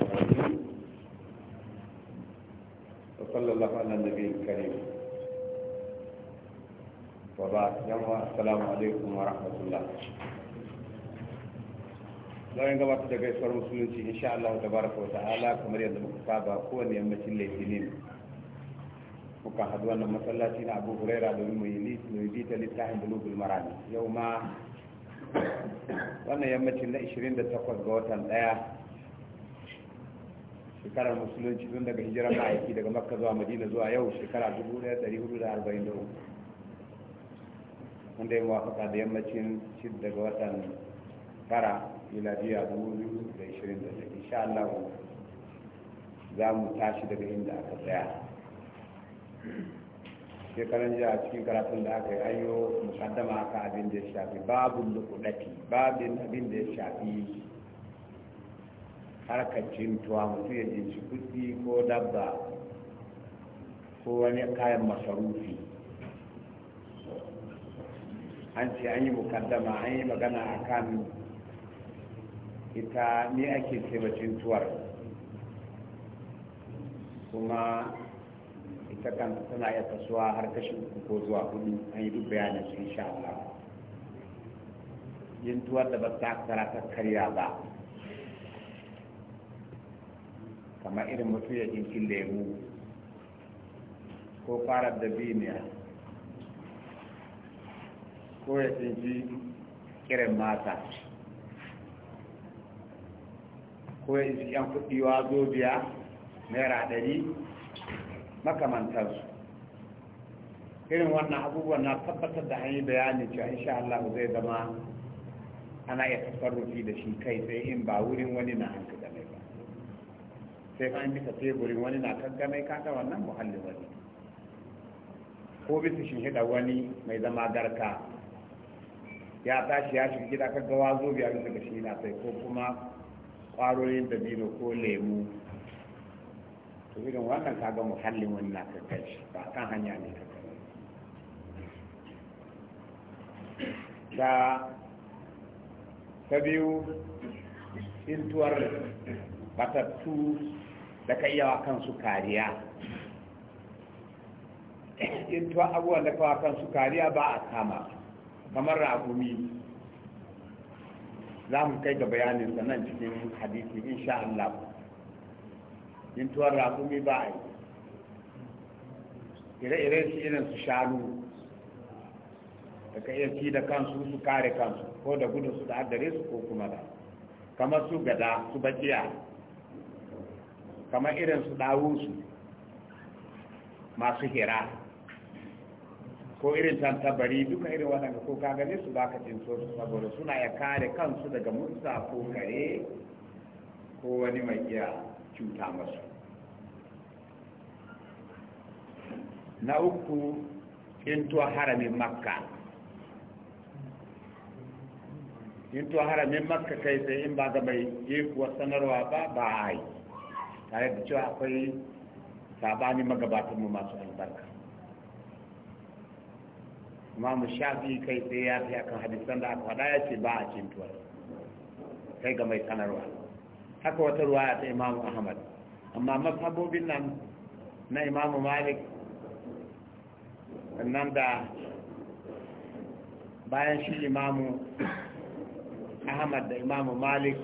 الرجيم وصلى الله على النبي الكريم وبعد جماعة السلام عليكم ورحمة الله bayan gabatar da gaisuwar musulunci insha Allah tabaraka wa ta'ala kamar yadda muka saba kowane yammacin litinin muka haɗu wannan masallaci na Abu Huraira domin mu yi bita littafin yau ma wannan yammacin na 28 ga watan ɗaya shekarar musulunci tun daga hijirar ma'aiki daga makka zuwa madina zuwa yau shekara 1443 wanda ya mawafaka da yammacin shid daga watan tara miladiyya 2020 insha Allah za mu tashi daga inda aka tsaya shekaran jiya cikin karatun da aka yi ayyo mukaddama aka abin da ya shafi babin lukudaki babin abin da ya shafi harkar cintuwa mutum ya jinci kuɗi ko dabba ko wani kayan masarufi an ce an yi mukaddama an yi magana a kan ita ne ake ce cintuwar kuma ita kan tana iya kasuwa har kashi uku ko zuwa hudu an yi duk bayanin su insha Allah yin tuwar da ba ta ta karya ba kamar irin mutu ya jinkin lemu ko farar da biniya ko ya jinki kiran mata ko ya isi yan kudiwa zobiya naira ɗari makamantarsu irin wannan abubuwan na tabbatar da hanyar bayanin cewa insha Allah zai zama ana iya tasarrufi da shi kai sai in ba wurin wani na sai ka bisa teburin wani na ya kaga wannan muhallin wani ko bisa shinhiɗa wani mai zama garka ya tashi ya shiga gida kaga wazo biya bisa ga shi na sai ko kuma da dabino ko lemu to irin wannan kaga muhallin wani na kankan shi ba kan hanya ne kankan da ta biyu intuwar batattu da ka iya wa kansu kariya in tuwa abubuwan da wa kansu kariya ba a kama kamar ragumi za mu kai da bayanin sanan cikin hadisi insha Allah in tuwar ragumi ba a yi ire-ire shi irin su shanu da ka iya ci da kansu su kare kansu ko da gudun su da haddare su ko kuma da kamar su gada su bakiya kamar irin su ɗawunsu masu hira ko irin tantabari duka irin waɗanda ko kagane su baka cin su saboda suna ya kare kansu daga mutsa ko kare ko wani mai iya cuta masu na uku intuwa haramin makka intuwa haramin makka kai sai in ba ga mai yi kuwa sanarwa ba ba a yi tare da cewa akwai sabani mu masu albarka mu shafi kai sai ya fi akan hadisan da aka faɗa ya ce ba a cintuwa kai ga mai sanarwa haka wata ya ta imamu ahmad amma mazhabobin nan na imamu malik nan da bayan shi imamu ahmad da imamu malik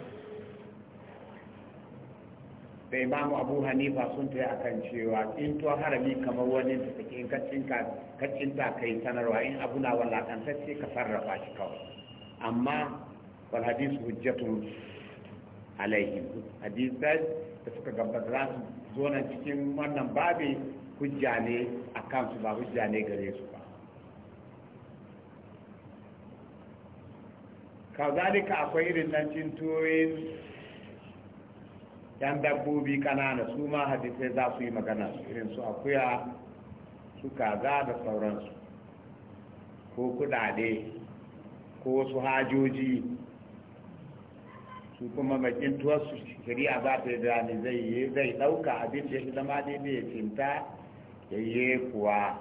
da imamu abu hanifa sun ta akan cewa in to harami kamar wani da take in kacin ta kai sanarwa in abu na walakantacce ka sarrafa shi kawai amma wal hadisu hujjatun alaihim hadisai da suka gabata za su zo nan cikin wannan babi hujja ne a kansu ba hujja ne gare su ba kazalika akwai irin nan cin tuwoyin yan dabbobi kanana su ma hadisai za su yi magana irin su akuya su kaza da sauransu ko kudade ko su hajoji su kuma su tuwarsu shari'a za ta yi dani zai ɗauka abin da ya zama daidai ya cinta ya yi kuwa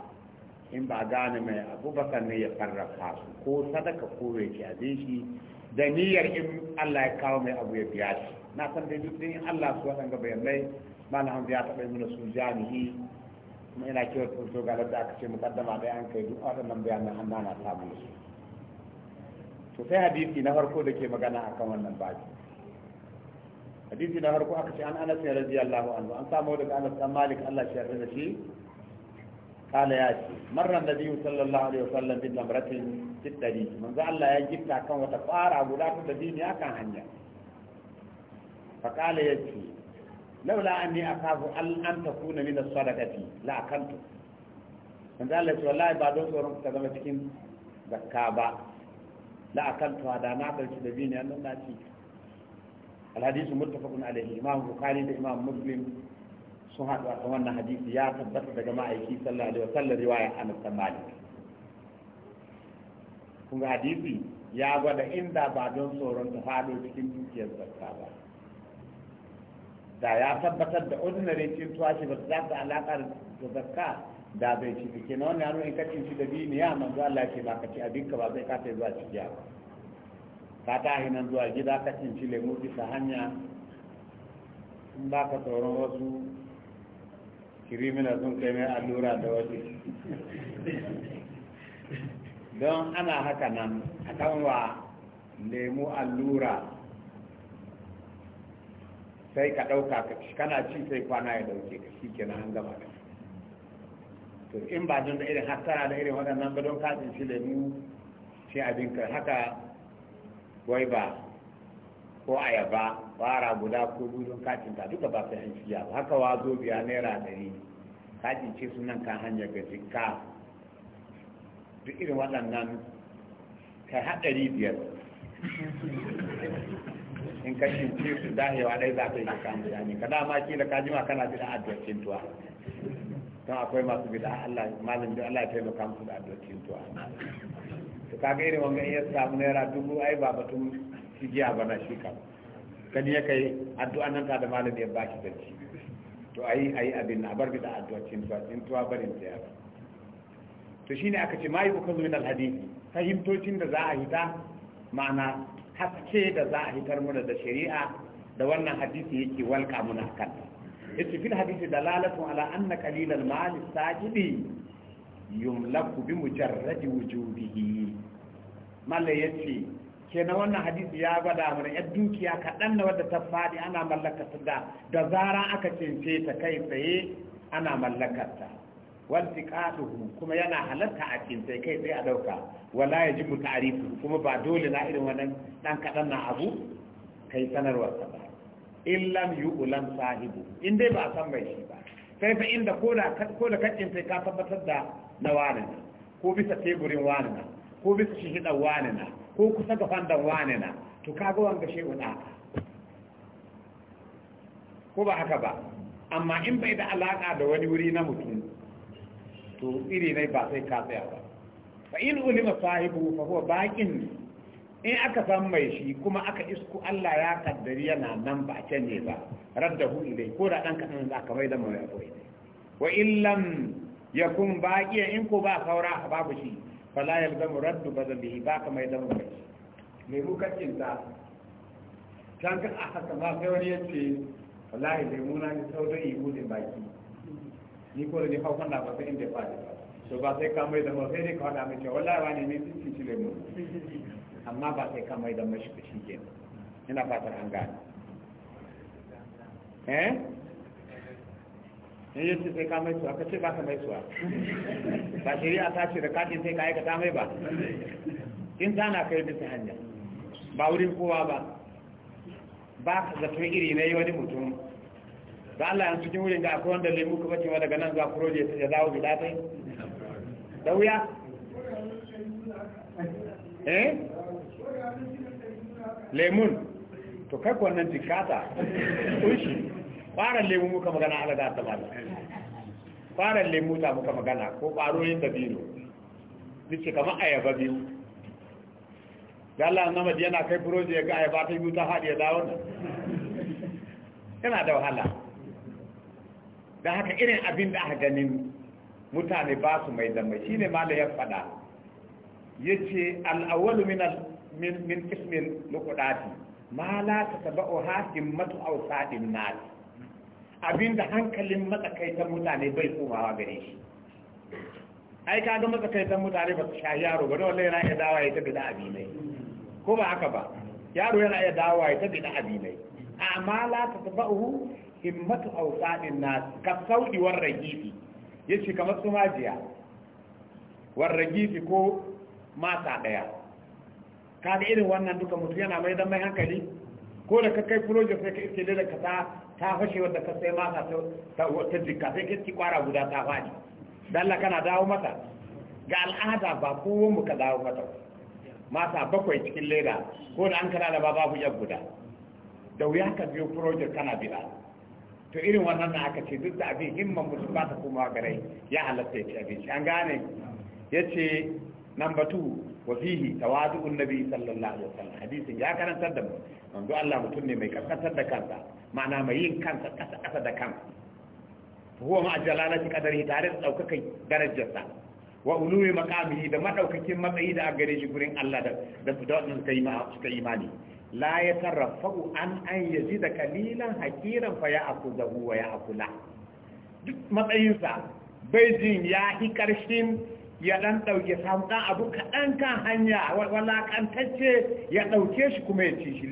in ba gane mai abubakar ne ya sarrafa su ko sadaka ko ya abin shi da niyyar in allah ya kawo mai abu ya biya shi na san dai duk in Allah su wannan ga bayanai malam ya taɓa yi mana su jami'i kuma ina kiwon tsoto ga da aka ce mukaddama da an kai duk waɗannan bayanan an na samu su to sai hadisi na farko da ke magana a kan wannan baki hadisi na farko aka ce an anas ne radiyallahu anhu an samu daga anas dan malik Allah shi yarda da shi قال ياتي مر النبي صلى الله عليه وسلم بامرأة في الطريق kan wata fara يجب كان وتفارع ولا تدين يا كان hanya. فقال ya ce laula an ne a kafu an ta kuna mina sadakati la akantu manzo Allah ce wallahi ba don tsoron ka zama cikin zakka ba la akantu da na ɗauki da biyu ne annan na ci alhadisu da sun haɗu a wannan hadisi ya tabbata daga ma'aiki sallallahu alaihi wasallam riwaya kun ga hadisi ya gwada inda ba don tsoron ta faɗo cikin dukiyar zakka ba da ya tabbatar da ordinary cin tuwa shi ba su za su alaƙar da zakka da bai ci ke na wani hannu in kacin shi da biyu ne ya manzo Allah ke ba ci abinka ba zai kata zuwa ciki ba ka ta nan zuwa gida kacin shi lemu bisa hanya in ba ka tsoron wasu kirimina sun kai mai allura da wasu don ana haka nan a kan wa lemu allura sai ka ɗauka ka ci kana ci sai kwana ya ɗauke ka shi kenan an gama da to in ba don da irin hattara da irin waɗannan ba don katin shi da mu sai abin ka haka wai ba ko ayaba fara guda ko gudun don ta duka ba sai hanci ya ba haka wa zo biya naira ɗari katin ce sunan ka hanyar ga jikka duk irin waɗannan kai haɗari biyar in ka shince su dahewa dai za ka yi ka samu jami ka dama kila ka jima kana bida addu'ar tuwa don akwai masu bida Allah malam da Allah ya taimaka musu da addu'ar tuwa to kaga irin wanga iya samu naira dubu ai ba batun giya ba na shi kam kan ya kai addu'an nan ta da malam ya baki ci to ayi ayi abin na bar bida addu'ar tuwa tuwa barin ta yaba to shine aka ce mai bukan min al hadisi fahimtocin da za a hita ma'ana haske da za a hitar muna da shari'a da wannan hadisi yake walka muna akan yace fil hadisi dalalatu ala anna qalilal mali sajidi yumlaku bi mujarradi wujudihi malla yace kenan wannan hadisi ya gwada mana yar dukiya kaɗan na wadda ta faɗi ana mallakata da da zara aka cince ta kai tsaye ana mallakarta wanti ƙasuhu kuma yana halarta a cikin sai kai sai a ɗauka wala ya ji mu ta'arifu kuma ba dole na irin wannan ɗan kaɗan na abu kai sanarwar ta ba in lam yu ulam sahibu in dai ba a san mai shi ba sai fa inda ko da ko da sai ka tabbatar da na wani na ko bisa teburin wani na ko bisa shihidan wani na ko kusa ga fandan wani na to kaga wanga shi da ko ba haka ba amma in bai da alaka da wani wuri na mutum to iri ne ba sai ka tsaya ba fa in ulima sahibu fa huwa baqin in aka san mai shi kuma aka isku Allah ya kaddari yana nan ba ne ba raddahu ilai ko da dan kadan za ka mai da mai akwai wa illam yakun baqiya in ko ba saura babu shi fala yalzamu raddu badalihi ba ka mai da mai me ku kacin ta kan ka aka ma sai wani yace wallahi lemuna ni saudai ibu ne baki ni ko ni ni kan na ba sai inda ba so ba sai ka mai da sai dai ka da mai ce wallahi wani ne shi shi ci mu amma ba sai ka da mai shi shi kenan ina fatar an gane eh in yace sai ka mai suwa ce ba ka mai suwa ba shari'a ta ce da katin sai ka aikata mai ba kin zana kai ta hanya ba wurin kowa ba ba ka zato iri na yi wani mutum da Allah yanzu cikin wurin da akwai wanda lemu kuma cewa daga nan za zuwa project ya dawo gida tai da wuya eh lemun to kai wannan jikata kunshi fara lemu muka magana Allah da tabbata fara lemu ta muka magana ko kwaroyin dabino nace kamar ayaba biyu da Allah na madiyana kai project ga ayaba ta biyu ta hadiya dawo yana da wahala da haka irin abin da aka ganin mutane ba su mai zama shi ne mala ya faɗa ya ce al'awwalu min ismin lukudati ma la ta o hakin matu ausaɗin nasi abin da hankalin matsakaitan mutane bai komawa gare shi ai ka ga matsakaitan mutane ba su sha yaro ba dole yana iya dawa ya tabi da abinai ko ba haka ba yaro yana iya dawa ya tabi da abinai amma la ta saba'u himmatu awsadin nas ka saudi war ragifi yace kamar su majiya war ragifi ko mata daya kaga irin wannan duka mutum yana mai dan mai hankali ko da kai project sai ka iske da ka ta ta fashe wanda ka sai mata ta ta sai ka ci kwara guda ta fadi dan Allah kana dawo mata ga al'ada ba kowa mu ka dawo mata mata bakwai cikin leda ko da an kana da ba babu yan guda da wuya ka biyo project kana bila to irin wannan na aka ce duk da abin himman musu ba ta koma garai ya halatta ya ci abinci an gane ya ce number two wa fihi tawadu'un nabi sallallahu alaihi wasallam hadisin ya karantar da mu manzo Allah mutum ne mai kaskantar da kansa ma'ana mai yin kansa kasa kasa da kansa huwa ma jalalati qadari tare da daukakan darajarsa wa ulumi maqamihi da madaukakin matsayi da a gare shi gurin Allah da da suka yi imani la ya tarrafa'u an an yaji da kalilan hakiran fa ya aku zahu wa ya akula duk matsayinsa bai jin ya yi karshen ya dan dauke samu abu kaɗan kan hanya walakantacce ya dauke shi kuma ya ci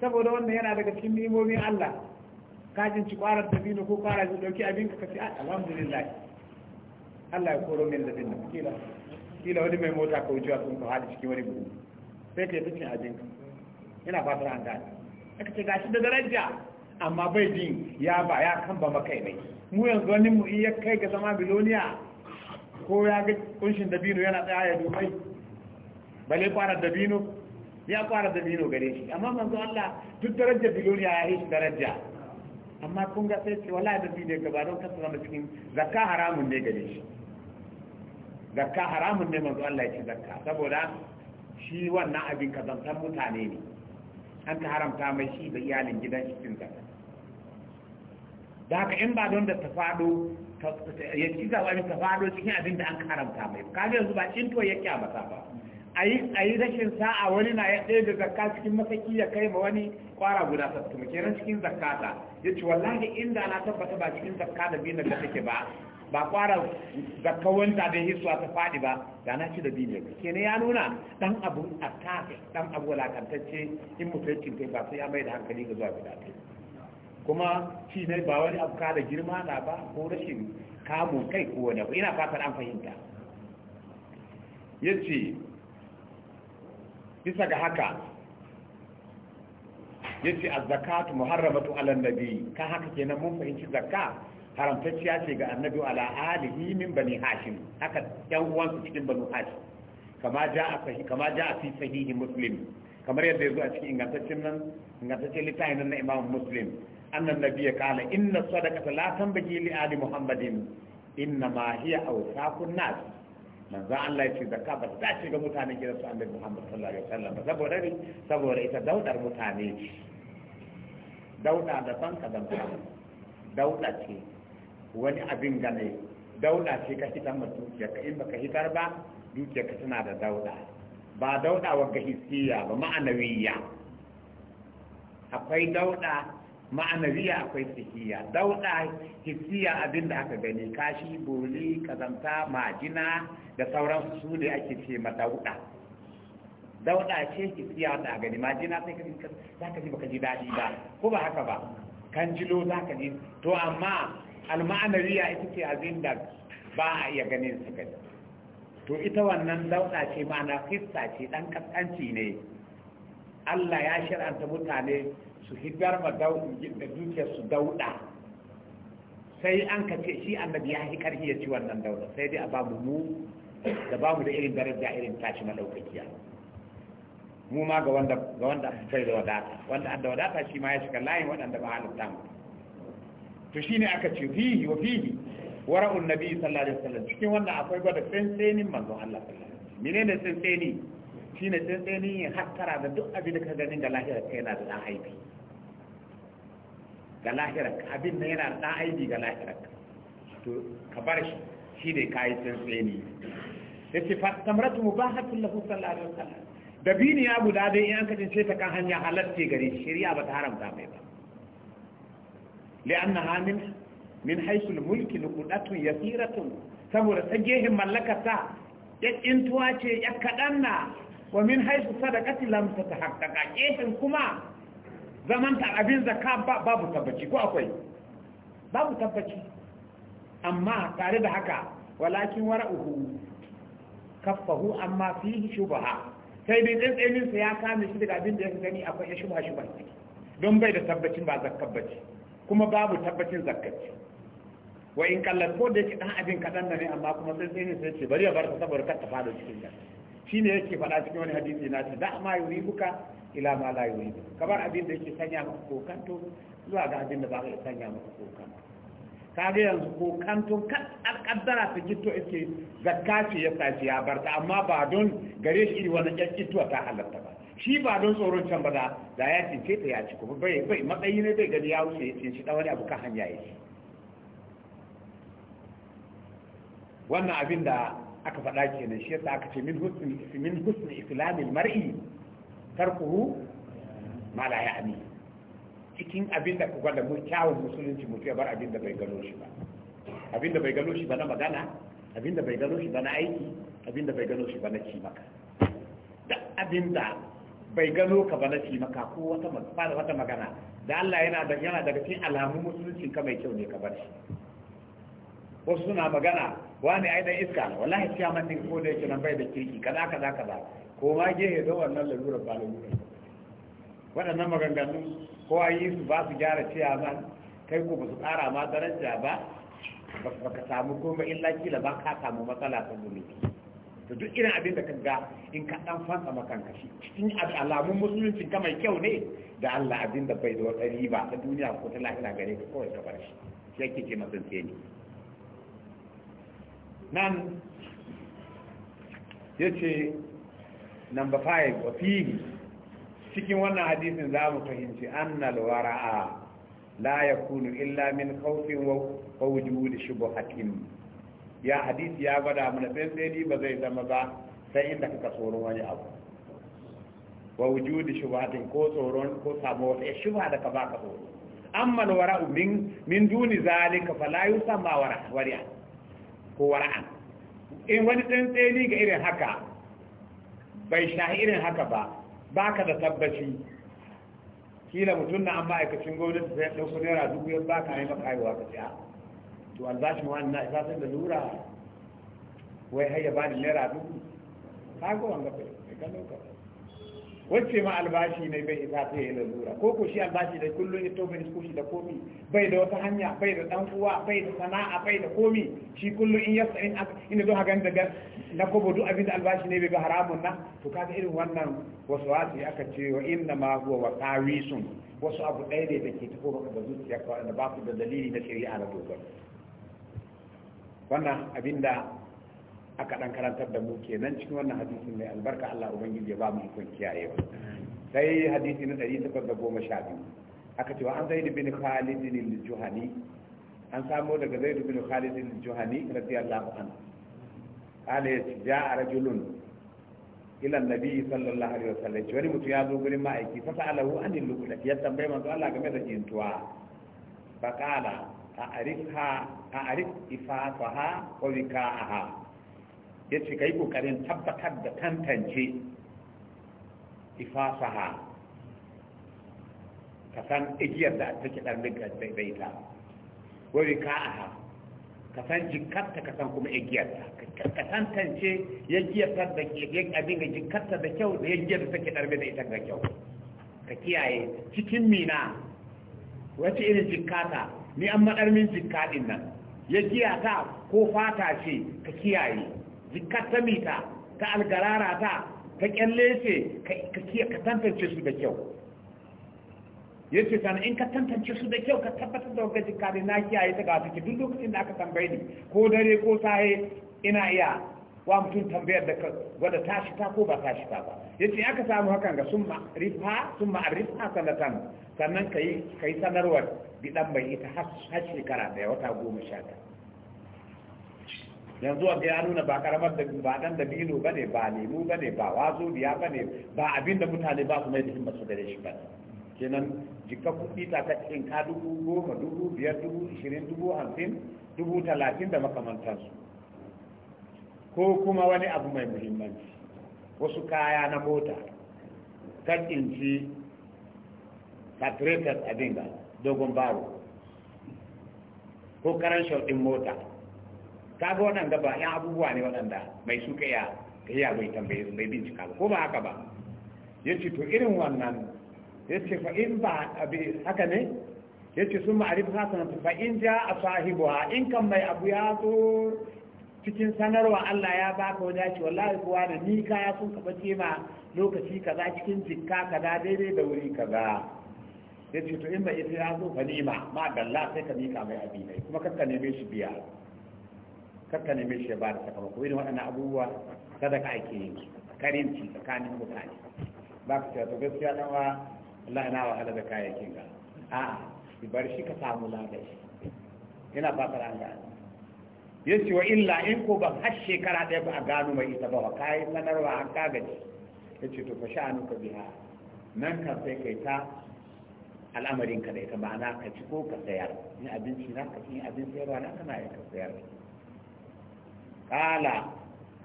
saboda wannan yana daga cikin ni'imomin Allah kajin ci kwarar dabino ko kwara da dauki abin ka kace ah, alhamdulillah Allah ya koro min dabino kila kila wani mai mota kaucewa sun ka hada cikin wani buhu sai ta yi cin abinci ina fatar an gane aka ce gashi da daraja amma bai jin ya ba ya kan ba makai mai mu yanzu wani mu iya kai ga zama biloniya ko ya ga kunshin dabino yana tsaya ya domai bale fara dabino ya fara dabino gare shi amma manzo Allah duk darajar biloniya ya yi daraja amma kun ga sai ce wala da ne gaba don kasu zama cikin zakka haramun ne gare shi zakka haramun ne manzo Allah ya ce zakka saboda shi wannan abin kazantar mutane ne an ta haramta mai shi da iyalin gidan cikin zaka da haka in ba don da ta faɗo ya ci zaba ta fado cikin abin da an haramta mai kaga yanzu ba cinto to ya kyamata ba a yi rashin sa'a wani na ya ɗaya da zakka cikin masaki ya kai ma wani kwara guda sattu kenan cikin ta ya ce wallahi inda na tabbata ba cikin zakka da biyu da take ba ba kwara ga kawanta da hisuwa ta faɗi ba da na ci da ke kenan ya nuna dan abu a ta dan abu lakantacce in mutuncin kai ba sai ya mai da hankali ga zuwa gida kuma ci ne ba wani abu kada girma na ba ko rashin kamun kai ko wani abu ina fatan an fahimta yace bisa ga haka yace az-zakatu muharramatu 'ala an-nabi ka haka kenan mun fahimci zakka haramtacciya ce ga annabi ala alihi min bani hashim haka yan uwansu cikin bani hashim kama ja'a sahi kama a fi sahihi muslim kamar yadda yazo a cikin ingantaccen nan ingantaccen littafin nan na imam muslim annan nabiyya kala inna sadaqata la tanbaghi li ali muhammadin inna ma hiya awsaqun nas manzo Allah ya ce zakka ba ta ce ga mutanen gidan su annabi muhammad sallallahu alaihi wasallam saboda ne saboda ita daudar mutane ce dauda da san kadan dauda ce wani abin ga mai dauda ce ka hitar ma dukiyarka, ka in baka hitar ba dukiyarka ka tana da dauda ba dauda wagga hisiya ba ma'anawiya akwai dauda ma'anawiya akwai sihiya dauda hisiya abin da aka gani kashi boli kazanta majina da sauran su ne ake ce ma dauda dauda ce hisiya da gani majina sai ka ji baka ji dadi ba ko ba haka ba kan jilo za ka ji to amma riya ita ce azin da ba a iya ganin su gani to ita wannan dauɗa ce ma'ana fista ce ɗan kaskanci ne Allah ya shir'anta mutane su hidar ma da su dauɗa sai an ka ce shi annabi ya hikar karhi ya ci wannan dauɗa sai dai a ba mu mu da ba mu da irin daraja irin tashi madaukakiya mu ma ga wanda ga wanda sai da wadata wanda da wadata shi ma ya shiga layin waɗanda ba halitta mu to shine aka ce fihi wa fihi wara'un nabi sallallahu alaihi wasallam cikin wannan akwai gwada tsantsenin manzon Allah sallallahu alaihi wasallam menene tsantseni shine tsantseni ya hakkara da duk abin da ka gani ga lahirar ka yana da dan aibi ga lahirar abin da yana da dan aibi ga lahirar to ka bar shi shi ne kai tsantseni yace fa tamratu mubahatun lahu sallallahu alaihi wasallam dabini ya guda dai in an kace ta kan hanya halatte gare shari'a ba ta haramta mai ba li'annaha min min haisul mulki nuqdatun yasiratun saboda ta gehen mallakarta ya tsintuwa ce ya kaɗan na wa min haisu sadakati lamsa ta kuma zaman ta abin zaka babu tabbaci ko akwai babu tabbaci amma tare da haka walakin wara'uhu kaffahu amma fihi shubha sai dai tsantsaninsa ya kame shi daga abin da ya gani akwai ya shubha shubha don bai da tabbacin ba zakka bace kuma babu tabbacin zakkaci wa in kallan ko da yake dan abin kadan ne amma kuma sai sai sai ce bari ya bar ta saboda kar ta fada cikin nan shine yake faɗa cikin wani hadisi na ce da ma buka ila ma la yuri kamar abin da yake sanya maka kokanto zuwa ga abin da ba ka sanya maka kokanto ga yanzu kokantun kaddara ta gito yake zakka ce ya sace ya barta amma ba don gare shi wani kyakkituwa ta halatta ba shi ba don tsoron can ba da ya cince ta ya ci kuma bai bai matsayi ne bai gani ya wuce ya cince ɗawar wani abu kan hanya ya ci wannan abin da aka faɗa nan shi yasa aka ce min husni min islamil mar'i tarkuhu ma la ya'ni cikin abin da ku da kyawun musulunci mu ya bar abin da bai gano shi ba abin da bai gano shi ba na magana abin da bai gano shi ba na aiki abin da bai gano shi ba na ci maka da abin da bai gano ka ba na fi maka ko wata wata magana da Allah yana da yana daga cikin alamun musuluncin ka mai kyau ne ka bar shi wasu suna magana wani ai dan iska wallahi ciya man din ko da yake nan bai da kirki kaza kaza kaza ko ma gehe da wannan lalura ba lalura waɗannan maganganu ko ayi su ba su gyara ciya ba kai ko ba su ƙara ma daraja ba ba ka samu komai illa kila ba ka samu matsala ta zunubi da duk irin abin da ga in ka dan fanta makanka shi cikin alamun musulunci ka mai kyau ne da Allah abin da bai da wata riba ta duniya ko ta lahira gare ka kawai ka bar shi yake ce masan sai ne nan yace number 5 wa fihi cikin wannan hadisin za mu fahimci annal wara'a la yakunu illa min khawfin wa wujudu shubhatin ya hadisi ya gwada mana ni ba zai zama ba sai inda kaka tsoron wani abu wa wujudi shubatin ko tsoron ko samu wata ya shuba da ka baka tsoro amma wara'u min min duni zalika fala yusamma wara'a wari'a ko wara'an in wani tsantsani ga irin haka bai shahi irin haka ba baka da tabbaci kila mutum na amma aikacin gwamnati sai ya ɗauko naira dubu ba baka yi maka aiwa ka ce to albashin wani na isa sun da lura wai haya ya bani naira dubu ka ga wanga fa kai ka lauka wacce ma albashi ne bai isa sai ya lura ko ko shi albashi da kullun ya tobe ko shi da komi bai da wata hanya bai da dan uwa bai da sana'a bai da komi shi kullun in yasa in ina zo hagan daga na kobo duk abin albashi ne bai ga haramun na to kaga irin wannan wasu wasu aka ce wa inna ma huwa wa qawisun wasu abu ɗaya ne da ke tafi maka da zuciya da ba su da dalili na shari'a na dogaro wannan abinda aka dan karantar da mu kenan cikin wannan hadisin mai albarka Allah ubangiji ya ba mu ikon kiyayewa sai hadisi na 812 aka ce wa an zaid bin khalid bin juhani an samo daga zaid bin khalid bin juhani radiyallahu anhu qala ja'a rajulun ila nabi sallallahu alaihi wasallam ce wani mutum ya zo gurin ma'aiki fa sa'alahu anil lukulat ya tambaye manzo Allah game da jintuwa fa qala a arif ifataha wa ha? ya ce ka yi ƙoƙarin tabbatar da tantance ha ka san igiyar da ta ke ɗan daidaita a ha ka san jikarta ka san kuma ta ka tantance yaggiyarta da abin da jikarta da kyau da yaggiyar da take ɗarbe da ita ga kyau ka kiyaye cikin mina wace irin jikata ni an min jikka din nan ya giya ta ko fata ce ka kiyaye jikkar ta mita ta algarara ta ta kyalle ce ka tantance su da kyau ya ce sana in ka tantance su da kyau ka tabbatar da wajen jikka na kiyaye ta ga duk lokacin da aka tambaye ni ko dare ko sahe ina iya wa mutum tambayar da wadda ta shi ta ko ba ta shi ta ba yace aka samu hakan ga sun rifa summa arifa sanatan sannan kai yi sanarwar bidan mai ita har shekara da wata goma sha yanzu wanda ya nuna ba karamar da ba dan da bilo ne, ba lemu ne, ba wazo biya ne, ba abinda mutane ba su mai da himma su gare shi ba kenan jika kuɗi ta ta in ka dubu goma dubu biyar dubu ishirin dubu hamsin dubu talatin da makamantansu ko kuma wani abu mai muhimmanci wasu kaya na mota kan inci saturated abin dinga, dogon baro ko karan shaudin mota ta ga waɗanda ba yan abubuwa ne waɗanda mai suka ya ya bai tambaye su bai bincika ba ko ba haka ba ya ce to irin wannan ya ce fa in ba bi haka ne ya ce sun ma'arif hasanatu fa in ja a sahibuwa in kan mai abu ya zo cikin sanarwa Allah ya baka wajen ce wallahi kuwa da ni kaya sun kafa kema lokaci kaza cikin jikka kaza daidai da wuri kaza ya ce to in ba ita ya zo ka nima ma dalla sai ka mika mai abi ne kuma kakka neme shi biya kakka neme shi ba da sakamako irin waɗannan abubuwa sadaka ake yin karinci tsakanin mutane ba ka ce to gaskiya dan wa Allah na wahala da kayayyakin ga a'a bar shi ka samu ladan ina fatar an gane ya ce wa illa in ko ban har shekara ɗaya ba a gano mai ita ba wa kayan sanarwa an kagaji ya ce to ka sha ka biya nan ka sai kai ta al'amarin ka da ita ba na ka ci ko ka sayar in abinci na ka in abin sayarwa na kana ya ka sayar kala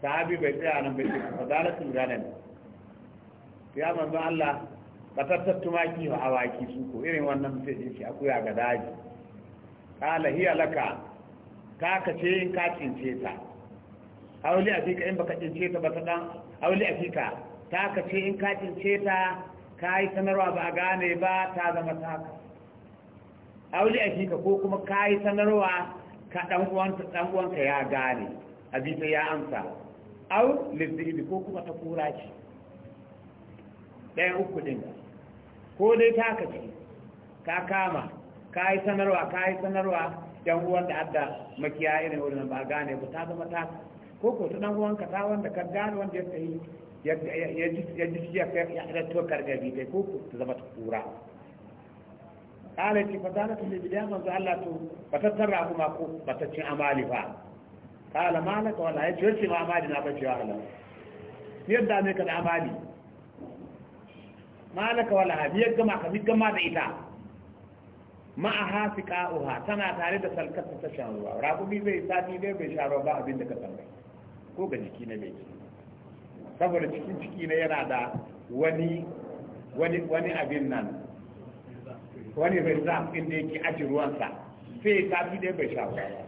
sahabi bai tsaya nan bai ce ka zalatul ganan ya manzo Allah ka tumaki wa awaki su ko irin wannan mutum ya ce akuya ga daji kala hiya laka ta ka ce ka cince ta auli a fika in baka cince ta ba ta dan auli a fika ta ka ce in ka cince ta ka yi sanarwa ba a gane ba ta zama taka auli a fika ko kuma ka yi sanarwa ka dan uwanka dan uwanka ya gane abita ya amsa au lizzidi ko kuma ta kura ki ɗayan uku ɗin ko dai ta ka ce ka kama ka yi sanarwa ka yi sanarwa dan uwan da adda makiya irin wurin ba gane ba ta zama ta ko ko ta dan ka ta wanda ka gane wanda ya tsayi ya ji ya ka ya da to bi kai ko ko ta zama ta kura kala fa zana ta bi da manzo Allah to ba ta tarra kuma ko ba ta cin amali ba kala malaka wala ya ce shi ma amali na bace wa Allah yadda ne ka da amali malaka wala ya gama ka mi gama da ita hafi ka'uha tana tare da salkarta ta shan ruwa rabubi zai sami ne bai sha ruwa ba abin da ka samu ko ga jiki na mai saboda cikin ciki na yana da wani wani wani abin nan wani reserve inda yake aji ruwansa sai sami ne bai sha ruwa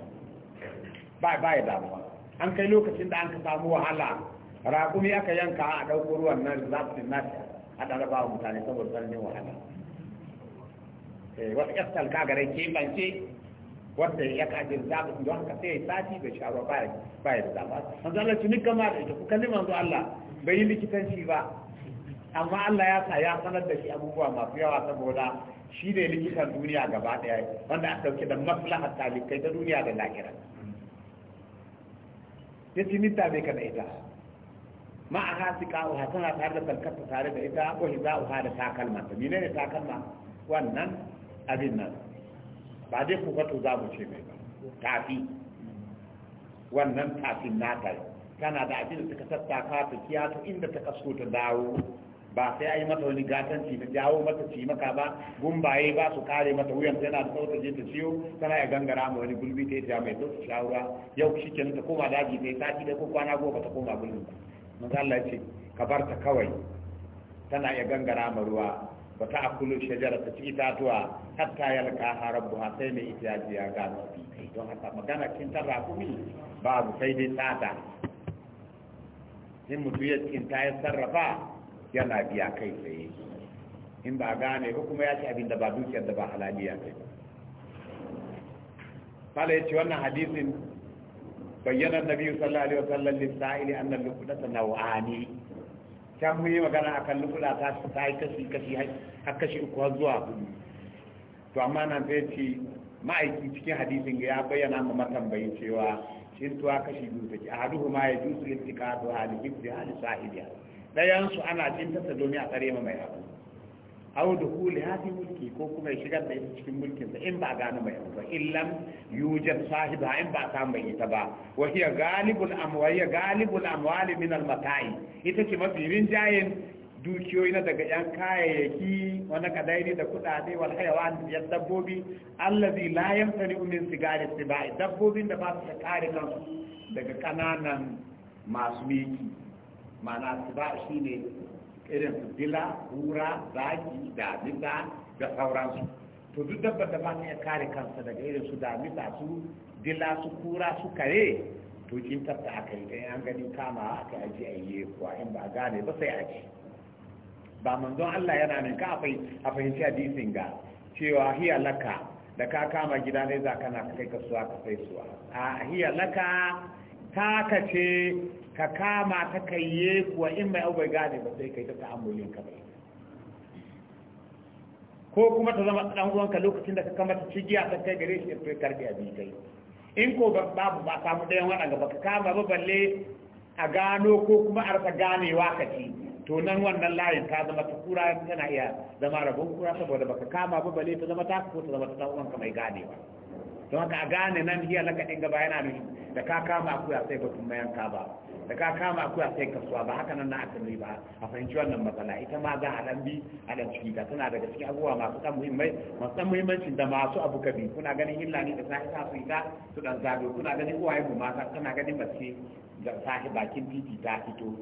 ba ba ya damuwa an kai lokacin da an ka samu wahala raƙumi aka yanka a ɗauko ruwan nan zafin din nasi a ɗaraba wa mutane saboda tsananin wahala Eh, wata yasal kagarai ke bance wanda ya kafin zaɓi don haka sai ya sati bai sha ba baya da zaɓa manzo Allah tuni kama da ita ku kalli manzo Allah bai yi likitanci ba amma Allah ya sa ya sanar da shi abubuwa masu yawa saboda shi ne likitan duniya gaba ɗaya wanda a ɗauke da maslahar talikai ta duniya da lahira ya ci nita bai kada ita ma a hasi kawo hasana tare da salkarta tare da ita ko hiza'uha da takalma ta mine ne takalma wannan abin nan ba dai kufatu za mu ce mai ba tafi wannan tafin nata tana da abin da ta tattaka ta ta inda ta kasko ta dawo ba sai a yi mata wani gatanci ta jawo mata maka ba gumbaye ba su kare mata wuyan tana da sauta je ta ciyo tana ya gangara ma wani gulbi ta ja mai sauta shawara yau shi ke ta koma daji ta yi sati da ko kwana goma ta koma gulbi manzo Allah ce ka bar ta kawai tana ya gangara ma ruwa وتأكلوا شجرة تيتاتوا حتى يلقاها ربها سيمة إتياجيا قالوا فيه وحتى مقانا كنتر راكمي بعض سيد ساتا إن مدويت كنتا يسرفا يلا بيا كيف إن باقاني حكم ياشي أبين دبادوك يدبا حلالي يكي قال يتشوانا حديث بينا النبي صلى الله عليه وسلم للسائل أن اللقنة نوعاني ta mu yi magana a kan lukula ta ta yi kashi kashi har kashi uku har zuwa hudu to amma nan zai ce ma'aiki cikin hadisin ya bayyana ma matambayi cewa tuwa kashi biyu take a haduhu ma ya jusu lintika to halibin da hali sahibiya ɗayansu ana jin tasa domin a tsare ma mai abu aw dukhuli hafi mulki ko kuma ya shigar da ita cikin mulkin sa in ba gano mai ba illam yujad sahiba in ba ka mai ita ba wa hiya galibul amwali galibul amwali min al mata'i ita ce mafi rinjayen dukiyoyi na daga yan kayayyaki wani kadairi da kudade wal hayawan ya dabbobi allazi la yamtani min sigari sibai dabbobin da ba su kare kansu daga kananan masu miki ma'ana sibai shine irin su dila hura zaki damisa da sauransu to duk dabbar da ba ta kare kansa daga irin su damisa su dila su kura su kare to kin tafta aka yi dan an gani kama aka aji ayye kuwa in ba a gane ba sai aji ba manzon Allah yana nan ka a fahimci hadisin ga cewa hiya laka da ka kama gida ne za kana kai kasuwa ka sai suwa a hiya laka taka ce ka kama ta kaiye kuwa in mai abu gane ba sai kai ta ta'amulin ka bai ko kuma ta zama ɗan uwanka lokacin da ka kama ta cigiya ta kai gare shi ya karbi abin kai in ko babu ba samu ɗayan waɗanda ba ka kama ba balle a gano ko kuma a rasa ganewa ka ci to nan wannan layin ta zama ta kura tana iya zama rabon kura saboda baka kama ba balle ta zama ta ko ta zama ta ɗan uwanka mai ganewa don haka a gane nan hiyar laka ɗin gaba yana da ka kama kuya sai ba tun mayanka ba da ka kama a sai kasuwa ba haka nan na aka ne ba a fahimci wannan matsala ita ma za a dan bi a dan ciki ta tana daga cikin abubuwa masu dan muhimmai masu dan muhimmancin da masu abu kabi kuna ganin illa ne da sai ta su ita su dan zago kuna ganin uwaye mu mata tana ganin mace da sahi bakin titi ta fito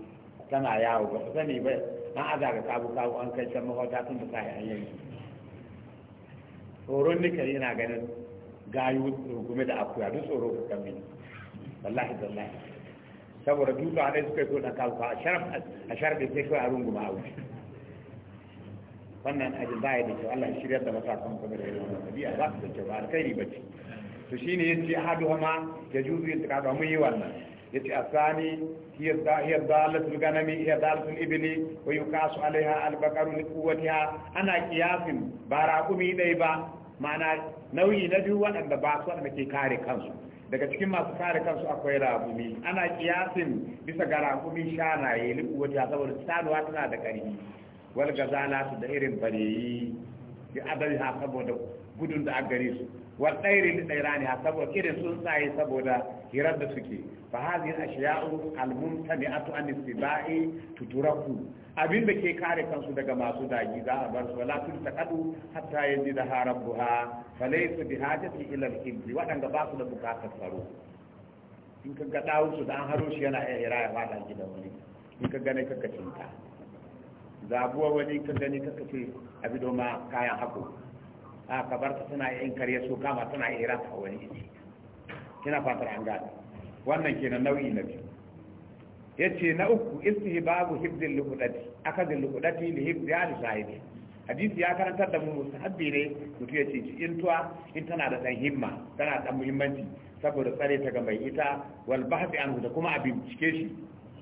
tana yawo ba su sani ba na aza ga kabu kabu an kai can mahauta tun da sahi an yanki tsoron nikari yana ganin gayu rugume da akuya duk tsoro ka bi wallahi wallahi saboda duka ne suka yi ko dan kawo a sharaf a sharaf da sai a rungu ma wuce wannan abin baya da kyau Allah ya shirya da matakan kuma da yawan tabi'a ba su da kyau ba alkhairi ba ce to shine yace ahadu hama ya ya yataqadu mun yi wannan yace asani hiya hiya dalatul ganami hiya dalatul ibili wa yuqasu alaiha albaqaru li quwwatiha ana qiyasin ba raqumi dai ba ma'ana nauyi na biyu waɗanda ba su waɗanda ke kare kansu daga cikin masu kare kansu akwai rahumi ana kiyasin bisa ga ragumi shanaye likuwata saboda sanuwa tana da ƙarfi wal na su da irin bareyi da adali ha saboda gudun da agare su wal ɗairi da ne ha saboda irin tsuntsaye saboda hirar da suke fa hadhihi al a al-mumtani'atu an istiba'i tuturaku abin da ke kare kansu daga masu dagi za a bar su wala tun kadu hatta yanzu da buha. falai su bi hajati ila al-hibbi Waɗanda ba su da bukatar tsaro in ka ga dawo su an haro shi yana iya hira ya fada gidan wani in ka gane ka kacin ta zabuwa wani ka gani ka kace bi doma kayan hako a ka bar ta tana yin karya so kama tana iya hira ta wani kina fatar an gane wannan kenan nau'i na biyu yace na uku babu hibdil luqdati akadil luqdati li hibdi da sahibi hadisi ya karantar da mu mustahabbi ne mutu ya ce in tuwa in tana da ɗan himma tana da muhimmanci saboda tsare ta ga mai ita wal bahthi anhu da kuma abin cike shi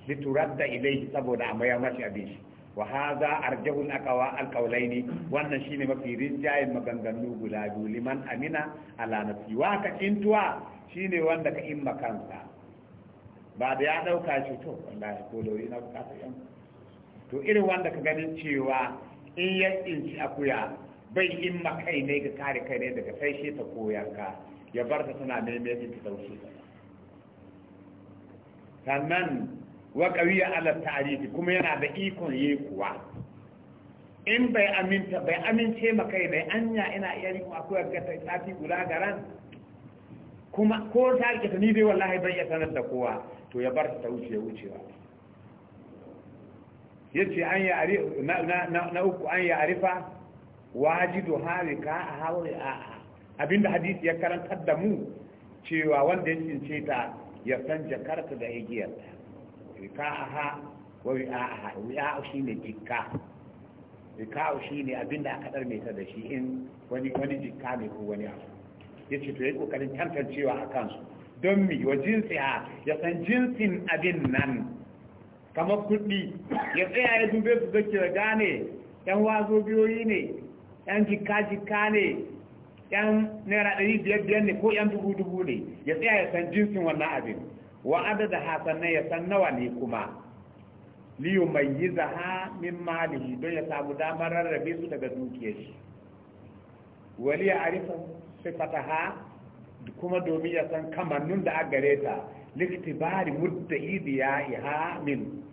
li da ilayhi saboda a mayar mashi abin shi wa hadha arjahul aqwa al qawlaini wannan shine mafi rinjayin maganganu guda biyu liman amina ala nafsi wa ka in tuwa shine wanda ka imma kansa ba da ya ɗauka shi to wanda ko lori na bukatar yan to irin wanda ka ganin cewa in ya tsinci akuya bai in makai ne ga kare kai ne daga sai shi ta ka ya bar ta tana neman ta dauki sannan wa qawiya ala ta'arifi kuma yana da ikon yi kuwa in bai aminta bai amince makai ne anya ina iya riko akuya ga ta tafi guda garan kuma ko ta rike ta ni dai wallahi bai iya sanar da kowa to ya bar ta wuce wucewa yace an ya arifa na uku an ya arifa wajidu harika a hawari a abinda hadisi ya karantar da mu cewa wanda ya cince ta ya san jakarta da a ha wa a ha ri'a'aha shi ne jikka shi ne abinda aka dar mai ta da shi in wani wani jikka ne ko wani abu yace to yayi kokarin tantancewa a kansu. don mi wa jinsi ha ya san jinsin abin nan kamar kuɗi ya tsaya ya dube su zaki da gane yan wazo biyoyi ne yan jika-jika ne yan naira ɗari biyar biyar ne ko yan dubu dubu ne ya tsaya ya san jinsin wannan abin wa adada hasannan ya san nawa ne kuma liyu mai yi zaha min malihi don ya samu damar rarrabe su daga dukiyar shi wali ya arifa fata ha kuma domin ya san kamannin da a gare ta liktibari mudda ya yi min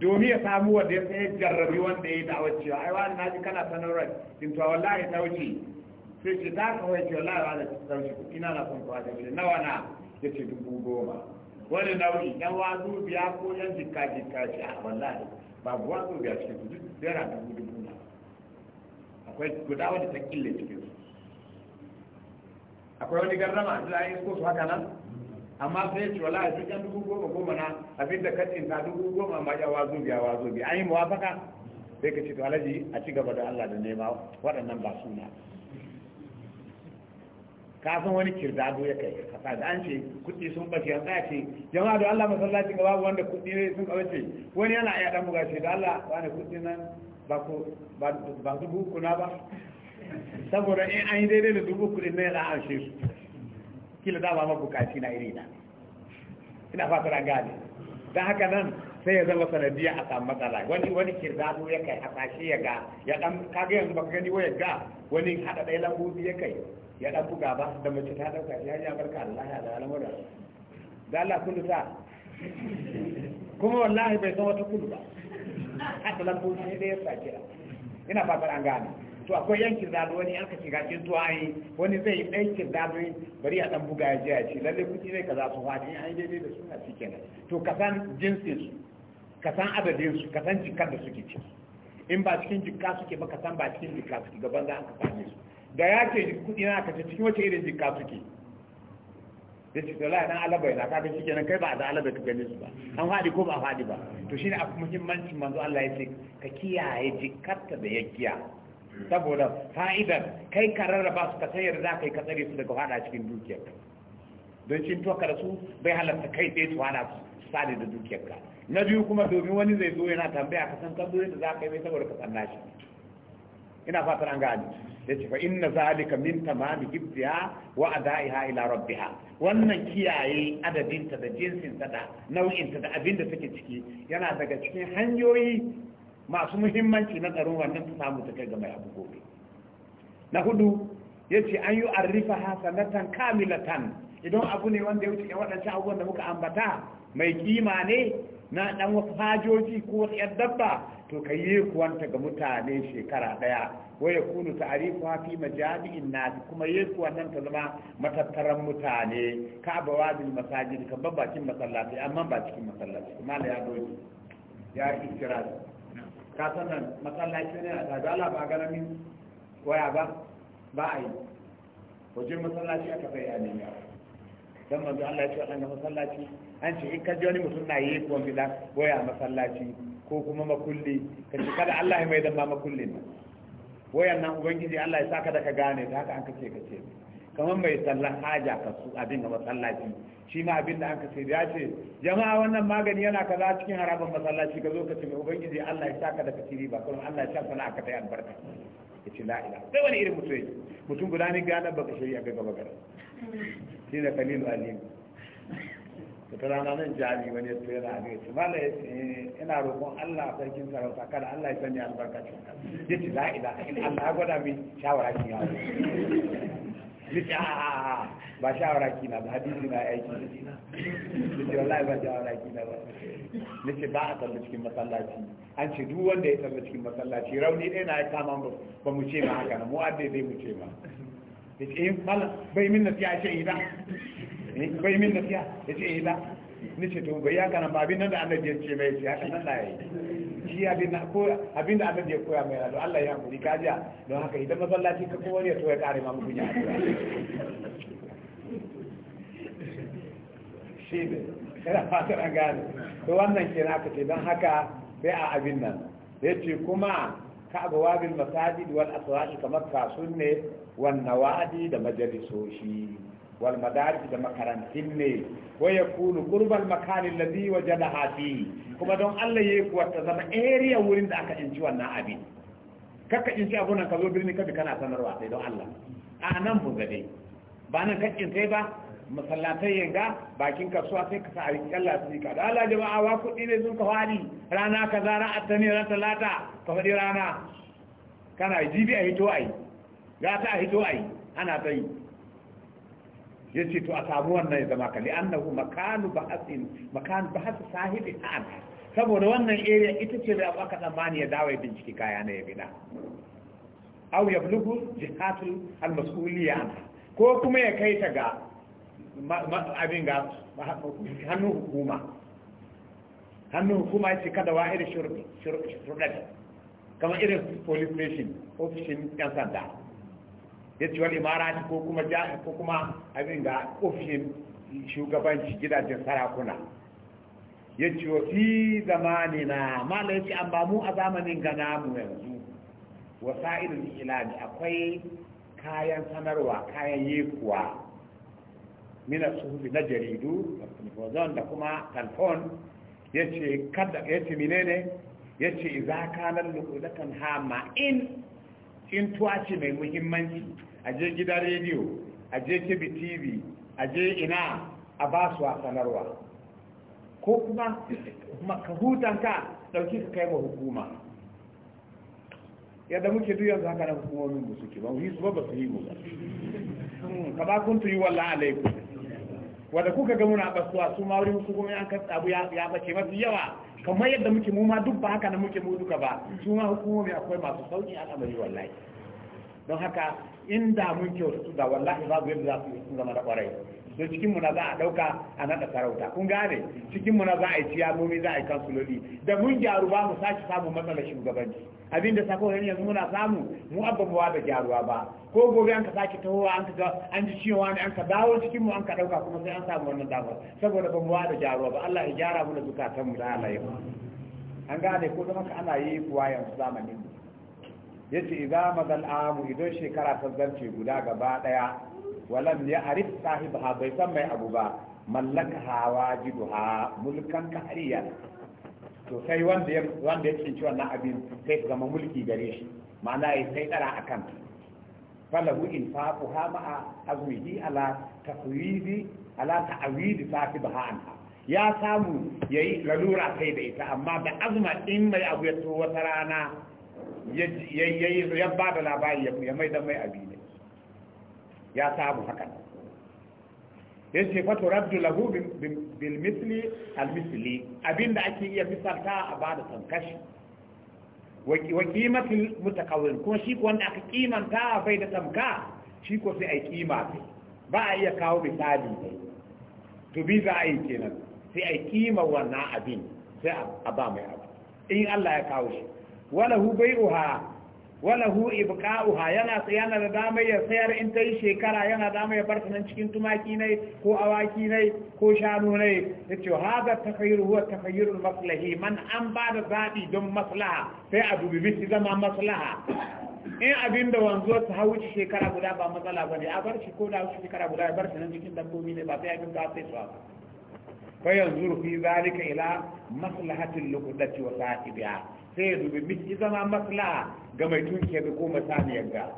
domin ya samu wanda ya sai jarrabi wanda ya yi da a yi wani na ji kana sanarwar tintuwa wallahi ta wuce sai ce ta kawai ce ya wani ta wuce ina na son kawai da wuce nawa na ya ce dubu goma wani nauyi yan wazu biya ko yan jika jika ce a ah, wallahi babu wazu biya cikin su duk dera dubu dubu na akwai guda wani ta kille cikin akwai wani garrama da an isko su haka nan amma sai ce wala a cikin dubu goma goma na da ka cinta dubu goma ma ya wazo biya wazo biya an yi muwafaka sai ka ce to alaji a ci gaba da Allah da nema waɗannan ba suna ka san wani kirdado ya kai ka sa an ce kuɗi sun bace an tsaya ce jama'a da Allah masallaci ga babu wanda kuɗi ne sun kawace wani yana iya dan buga ce da Allah wani kuɗi nan ba ko ba dubu kuna ba saboda in an yi daidai da dubu kudin na za'a haushe su kila za ba mabukaci na iri na ina fatar gane don haka nan sai ya zama sanadiyya a samu matsala wani wani zaɓo ya kai hasashe ya ga ya ɗan kaga yanzu baka gani waya ga wani haɗa ɗaya lambobi ya kai ya ɗan buga ba da mace ta ɗauka ya ya barka Allah a da lamura da Allah kullu sa kuma wallahi bai san wata kullu ba haɗa lambobi ne ɗaya ya sake ina fatar an gane to akwai yankin kirdado wani yanka shiga cikin tuwa wani zai yi aikin kirdado bari a ɗan buga ya je ya ce lalle kuɗi zai kaza su faɗi an yi daidai da na cikin nan to ka san jinsin su ka san adadin su ka san da suke ci in ba cikin jikka suke ba ka san ba cikin jikka suke gaban za ka same su da ya ce kuɗi na ka ce cikin wace irin jikka suke da ce tsola na alabai na kaga shi kenan kai ba da alabai ka gane su ba an faɗi ko ba faɗi ba to ne a muhimmancin manzo Allah ya ce ka kiyaye jikkarta da ya giya saboda fa'idar kai ka rarraba su ka sayar za ka yi ka tsare su daga hada cikin dukiyarka don cin toka da su bai halarta kai tsaye su hada su sadi da dukiyarka na biyu kuma domin wani zai zo yana tambaya ka san kallo da za ka yi mai saboda ka tsanna shi ina fatar an gani ya ce fa inna zalika min tamami ibtiha wa adaiha ila rabbiha wannan kiyaye adadinta da jinsinta da nau'inta da abin da take ciki yana daga cikin hanyoyi masu muhimmanci na tsaron wannan ta samu ta kai ga mai abu gobe na hudu ya ce an yi arrifa hasanatan kamilatan idan abu ne wanda ya wuce waɗancan abubuwan da muka ambata mai kima ne na ɗan wasu hajoji ko wasu ‘yan dabba to ka yi kuwanta ga mutane shekara ɗaya waya kunu ta arifu hafi majami'in na kuma yi kuwannan ta zama matattaran mutane ka ba wazin masajin ka ba bakin masallaci amma ba cikin masallaci kuma ya doji ya yi ka san nan masallaci ne a tsada ala ba garamin waya ba ba a yi wajen masallaci aka sai a nemi dan manzo Allah ya ce a masallaci an ce in ka ji wani mutum na yi ko bila waya masallaci ko kuma makulli ka ce kada Allah ya mai da ma makullin wayan nan ubangiji Allah ya saka da ka gane da haka an kace ce. kamar mai sallar haja ka su abin ga masallaci shi ma abin da aka sai ya ce jama'a wannan magani yana ka za cikin harabar masallaci ka zo ka ce ubangiji Allah ya saka da kaciri ba kuma Allah ya saka ka aka tayi albarka ya ce la'ila sai wani irin mutum mutum guda ne ga nan baka shari'a ga gaba gara shi da kalilu alim da ta rana nan jami wani ya tsaye da abin ya ce mala ya ce eh, ina roƙon Allah sarkin sarauta kada Allah ya sanya albarka cikin ya ce A ina, Allah ya gwada min shawara ki yawon yace a ba shawara kina ba hadisi na aiki yace wallahi ba shawara kina ba nace ba a tsalla cikin masallaci an ce duk wanda ya tsalla cikin masallaci rauni ɗaya na ya kama ba mu ce ma haka na mu adda zai mu ce eh, ma ya ce yin eh mala eh, bai min ya ce yi ba bai min nasiya yace ida nace to bai ya kana ba abin nan da annabi ya ce mai ya yace haka nan da ya yi shi abin abin da annabi ya koya mai rado Allah ya hankuri ka jiya don haka idan masallaci ka kowa ne to ya kare ma mutum ya addu'a shi ne yana fatar an gane to wannan ke na kace don haka sai a abin nan yace kuma ka abawabin masajid wal aswa'i kamar kasun ne wannan da majalisoshi wal da makarantun ne wa yakunu qurbal makan alladhi wajadaha hafi kuma don Allah ya kuwa ta zama area wurin da aka inci wannan abin kaka inci abun nan ka zo birni kabi kana sanarwa sai don Allah a nan mun ga dai ba nan kakkin sai ba masallatai yanga bakin kasuwa sai ka sa a Allah su ka da Allah jama'a wa kuɗi ne sun ka rana ka za ra'a ta ne ran talata ka faɗi rana kana jibi a hito a yi gata a hito a yi ana ta yi ya ce to a samu wannan ya zama kalli annahu makanu bahasin makanu bahasu sahibi an saboda wannan area ita ce da aka tsammani ya dawo ya bincike kaya na ya gida. aw yablughu jihatul almas'uliyya ko kuma ya kai ta ga abin ga hannun hukuma hannun hukuma ya ce kada wa irin shurdadi kamar irin police station ofishin yan sanda yace wani imarati ko kuma jami ko kuma abin da ofishin shugabanci gidajen sarakuna ya ce wa fi zamanina mala ce amma mu a zamanin gana mu yanzu irin ilani akwai kayan sanarwa kayan yekuwa mina suhufi na jaridu telefon da kuma telefon yace kada ya ce yace ka nan lu'udatan hama in in tuwaci mai muhimmanci a je gida rediyo a je kebi tv a je ina a ba su sanarwa ko kuma ka hutanka ɗauki ka kai ma hukuma yadda muke duk yanzu haka na hukumomin mu suke ba mu su ba su yi mu ba hmm, ka ba kun tuyi wallahi alaikum wanda kuka ga muna basuwa su ma wurin hukumomi an kasa abu ya bace masu yawa kamar yadda muke mu ma duk ba haka na muke mu duka ba su ma hukumomi akwai masu sauki al'amari wallahi don haka inda mun kyautatu da wallahi babu yadda za su yi sun zama da kwarai so cikin mu na za a dauka a nada sarauta kun gane cikin mu na za a yi ciyamomi za a yi kansuloli da mun gyaru ba mu sace samu matsalar shugabanci abin da sako yanzu muna samu mu abba mu da gyaruwa ba ko gobe an ka sake tahowa an ka an ji ciwo ne an ka dawo cikin mu an ka dauka kuma sai an samu wannan damar saboda ba mu da gyaruwa ba Allah ya gyara mu da zukatan mu da Allah an gane ko zama ka ana yi kuwa yanzu zamanin mu yace idza madal amu idan shekara ta zarce guda gaba daya walam ya arif sahibaha bai san mai abu ba mallaka hawa jiduha mulkan kariya to sai wanda ya wanda ya cinci wannan abin sai zama mulki gare shi ma'ana ya sai dara akan falahu ha ma'a azmihi ala taqwidi ala ta'widi sahibaha anha ya samu yayi lalura kai da ita amma da azma in mai abu ya wata rana ya ba da labari ya mai dan mai abinai ya samu hakan ya ce fato rabdu lahu bil misli al misli abinda ake iya misalta a ba da tankashi wa kimatin mutakawin kuma shi ko wanda aka kimanta bai da tamka shi ko sai a kima sai ba a iya kawo misali ne to bi za a yi kenan sai a kima wannan abin sai a ba mai abu in Allah ya kawo shi walahu bai'uha walahu ibqa'uha yana yana da damar ya sayar in ta yi shekara yana damar ya barta nan cikin tumaki ne ko awaki ne ko shanu ne yace ta takhayyur huwa takhayyurul maslahi man an ba da zabi don maslaha sai a dubi bishi zama maslaha in abin da wanzuwar ta wuce shekara guda ba matsala ba ne a bar shi ko da wuce shekara guda ya bar shi nan cikin dabbobi ne ba sai abin ka sai su ba fa yanzu fi zalika ila maslahatil luqdati wa sahibiha sai ya dubi miki zama maslaha ga mai tunkiyar ko masaniyar ga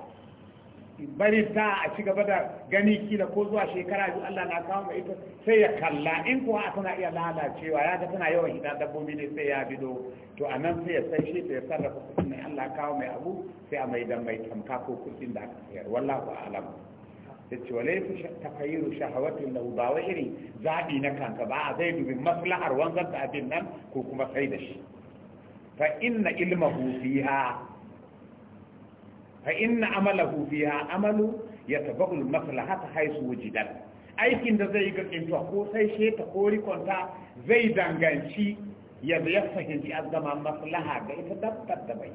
bari ta a ci gaba da gani kila ko zuwa shekara biyu Allah na kawo mai ita sai ya kalla in kuwa tana iya lalacewa ya ga tana yawan hida dabbobi ne sai ya bido to a nan sai ya san shi ya sarrafa kuɗin mai Allah kawo mai abu sai a mai dan mai tamka ko kuɗin da aka sayar wallahu a'lam ta ce wale fi tafayiru shahawatin da ba wa irin zaɓi na kanka ba a zai dubi maslahar wanzar da abin nan ko kuma sai da shi fa inna ilmahu fiha fa inna amalahu fiha amalu yatabaqul maslahata haisu aikin da zai ga kintuwa ko sai sheta ko rikonta zai danganci yadda ya fahimci an maslaha ga ita dabbar da bai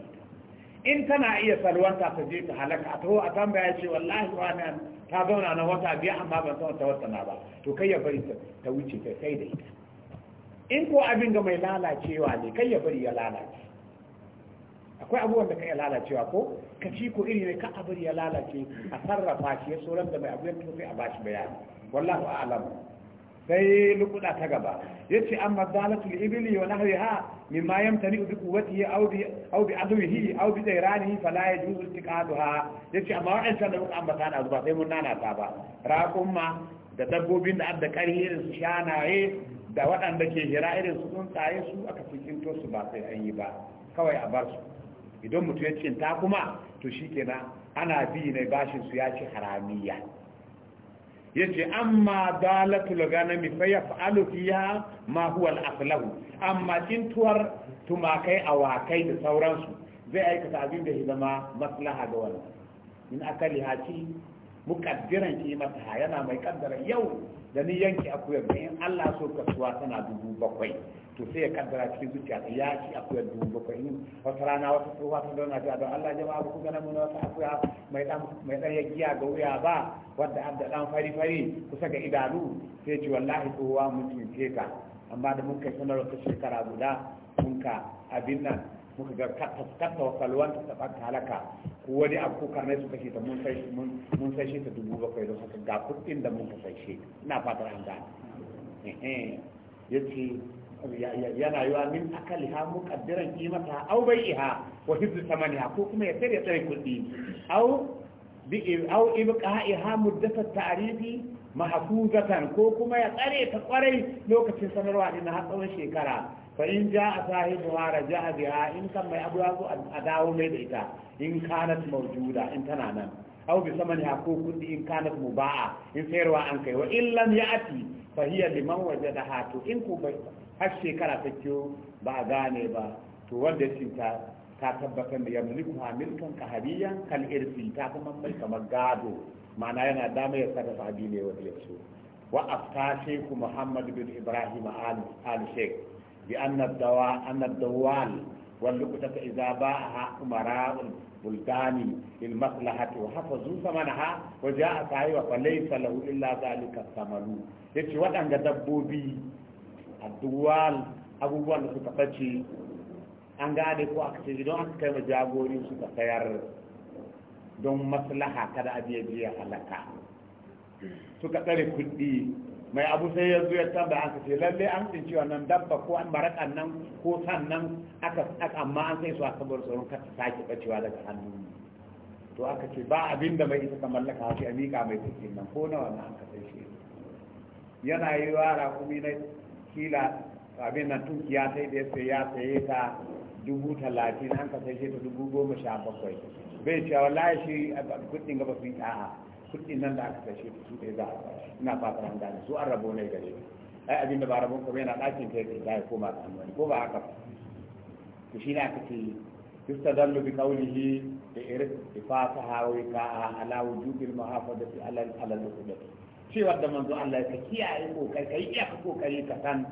in tana iya salwanta ta je ta halaka a a tambaya ce wallahi wani ta zauna na wata biya amma ban san wata wata na ba to kai ya bari ta wuce ta sai da ita in ko abin ga mai lalacewa ne kai ya bari ya lalace akwai abubuwan da kai ya lalacewa ko ka ci ko iri ne ka a bari ya lalace a sarrafa shi ya tsoron da mai abin ya a bashi bayani wallahu a'lam sai lukuda ta gaba yace amma zalatul ibli wa nahriha mimma yamtani bi quwwatihi aw bi aw bi adwihi aw bi dairanihi fala yajuzu istiqaduha yace amma wa'in da muka ta na zuba sai mun nana ta ba raqumma da dabbobin da adda karhi irin su shanaye da waɗanda ke hira irin su tsuntsaye su aka cikinto su ba sai an yi ba kawai a bar su idan mutum ya cinta kuma to shi kenan ana bi ne bashin su ya ci haramiya ya ce amma dalatul ganami fa fa'alu fiha ma huwa al amma cintuwar tumakai awakai da sauransu zai aikata abin da ya zama maslaha ga wannan in akali haci mukaddiran ha yana mai kaddara yau da ni yanke akuyar da in Allah so kasuwa tana dubu bakwai to sai ya kaddara cikin zuciya ta ya ci akuyar dubu bakwai in wata rana wata tsohuwa ta dauna ta don Allah ya ba ku gana mun wata akuya mai dan mai dan yagiya ga wuya ba wanda abda dan fari fari kusa ga idanu sai ci wallahi tsohuwa wa cince ta amma da mun kai sanarwa ta shekara guda mun ka abin nan muka ga wa kalwan ta ɓata halaka ko wani abu karnai su shi ta mun sai shi ta dubu bakwai don haka ga kuɗin da ka sai shi ina fatar an gane ya ce yana yiwa min akali ha kaddiran kimata au bai iha wa hibzu samaniya ko kuma ya tsare ya tsare kuɗi au au ibqa'iha muddatat ta'rifi mahfuzatan ko kuma ya tsare ta kwarai lokacin sanarwa din na tsawon shekara fa in ja a sahibu hara ja a biya in kan mai abu a dawo mai da ita in kanat maujuda in tana nan au bi saman ya ko kudi in kanat muba'a in sayarwa an kai wa in lam ya'ti fa hiya liman wajada hatu in ku bai har shekara ta kiyo ba a gane ba to wanda ya ta ta tabbatar da yamliku hamilkan kahariyan kal irfi ta kuma mai kamar gado ma'ana yana dama ya sarrafa abin ne wanda ya so wa afta sheku muhammad bin ibrahim al sheikh بأن الدواء أن الدوال واللقطة إذا باعها أمراء البلدان للمصلحة وحفظوا ثمنها وجاء صاحبها فليس له إلا ذلك الثمن يتي وأن دبوبي الدوال abubuwan da suka face an gane ko aka ce idan aka kai ma jagori suka sayar don maslaha kada a biya biya halaka suka tsare kuɗi mai abu sai ya zo ya tambaya aka ce lalle an tsinci wannan dabba ko an barakan nan ko sannan aka amma an sai su a saboda tsoron ka ta sake bacewa daga hannun to aka ce ba abin da mai isa mallaka shi a miƙa mai tsinci nan ko nawa na an ka sai shi yana yi wa kuma na kila abin nan kiya sai da sai ya saye ta dubu talatin an ka sai shi ta dubu goma sha bakwai bai cewa wallahi shi kudin gaba sun yi a'a kuɗin nan da aka kashe su ne za a bashi ina fata an gane su an rabo ne gare ai abinda ba rabon kuma yana ɗakin kai kai da koma ga wani ko ba haka to shi ne aka ce yustadallu bi qawlihi da irin ifataha wa ka ala wujubil muhafazati ala ala al-qudrat cewa da manzo Allah ya kiyaye kokari kai iya kokari ka san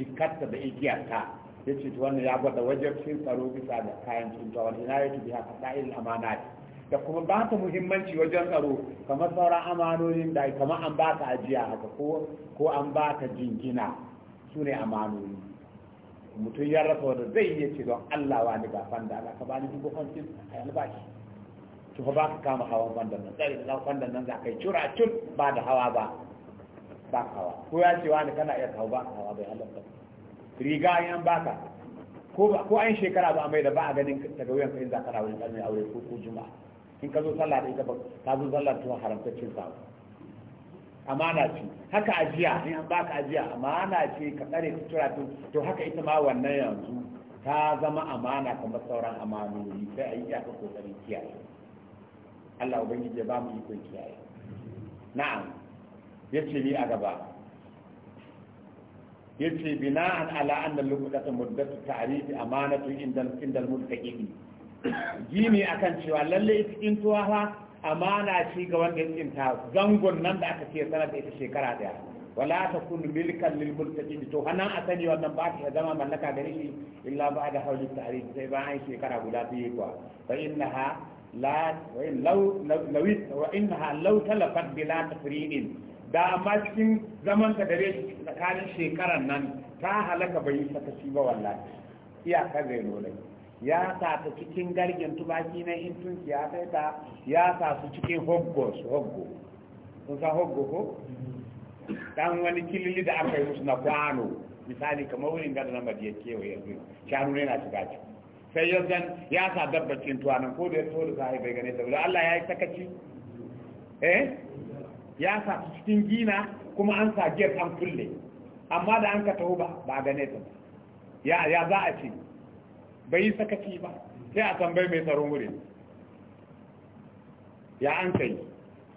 jikkarta da igiyarta yace to wannan ya gwada wajen cin tsaro bisa da kayan tuntawa ina yake bi haka amana ne. da kuma ba ta muhimmanci wajen tsaro kamar sauran amanonin da kamar an ba ka ajiya haka ko an ba ka jingina su ne amanoni mutum ya rasa wanda zai iya ce don Allah wani ba fanda ba ka bani dubu hamsin a yi albashi to ba ka kama hawan fandan nan tsari da fandan nan za ka yi cura cun ba da hawa ba ba ka hawa ko ya ce wani kana iya kawo ba ka hawa bai halatta riga yan baka ko an shekara ba a mai da ba a ganin daga wuyan in za ka rawa wani aure ko juma'a in ka zo sallah da ita ba ka zo sallah to cin sa amana ce haka ajiya ne an baka ajiya amana ce ka tsare tura to to haka ita ma wannan yanzu ta zama amana kamar sauran amanoni sai a yi iyaka kokarin kiyaye Allah ubangiji ya ba mu iko kiyaye na'am yace ni a gaba yace bina'an ala anna luqata muddatu ta'rifi amanatu inda inda al-muttaqin gini kan cewa lalle in tuwa amma amana ci ga wanda yake ta zangon nan da aka ce sanar da ita shekara daya wala ta kun milkan lil multaqin to hanan a sani wannan ba ta zama mallaka gare shi illa ba da hawli ta'rif sai ba an shekara guda biyu yi kuwa fa innaha la wa in law lawit wa innaha law talafat bila tafridin da amma cikin zaman ta gare shi tsakanin shekaran nan ta halaka bai sakaci ba wallahi iyakar reno ne ya sa ta cikin gargin tubaki na in tunkiya sai ta ya sa su cikin hoggos hoggo sun san hoggo ko dan wani kilili da aka yi musu na kwano misali kamar wurin gada na madiyar kewaye yanzu shanu ne na shiga ciki sai ya zan ya sa dabbacin tuwanan ko da ya tsoro za a yi bai gane saboda Allah ya yi sakaci eh ya sa su cikin gina kuma an sa gate an kulle amma da an ka taho ba ba gane ta ya za a ce bai yi sakaci ba sai a tambayi mai tsaron wuri ya an sai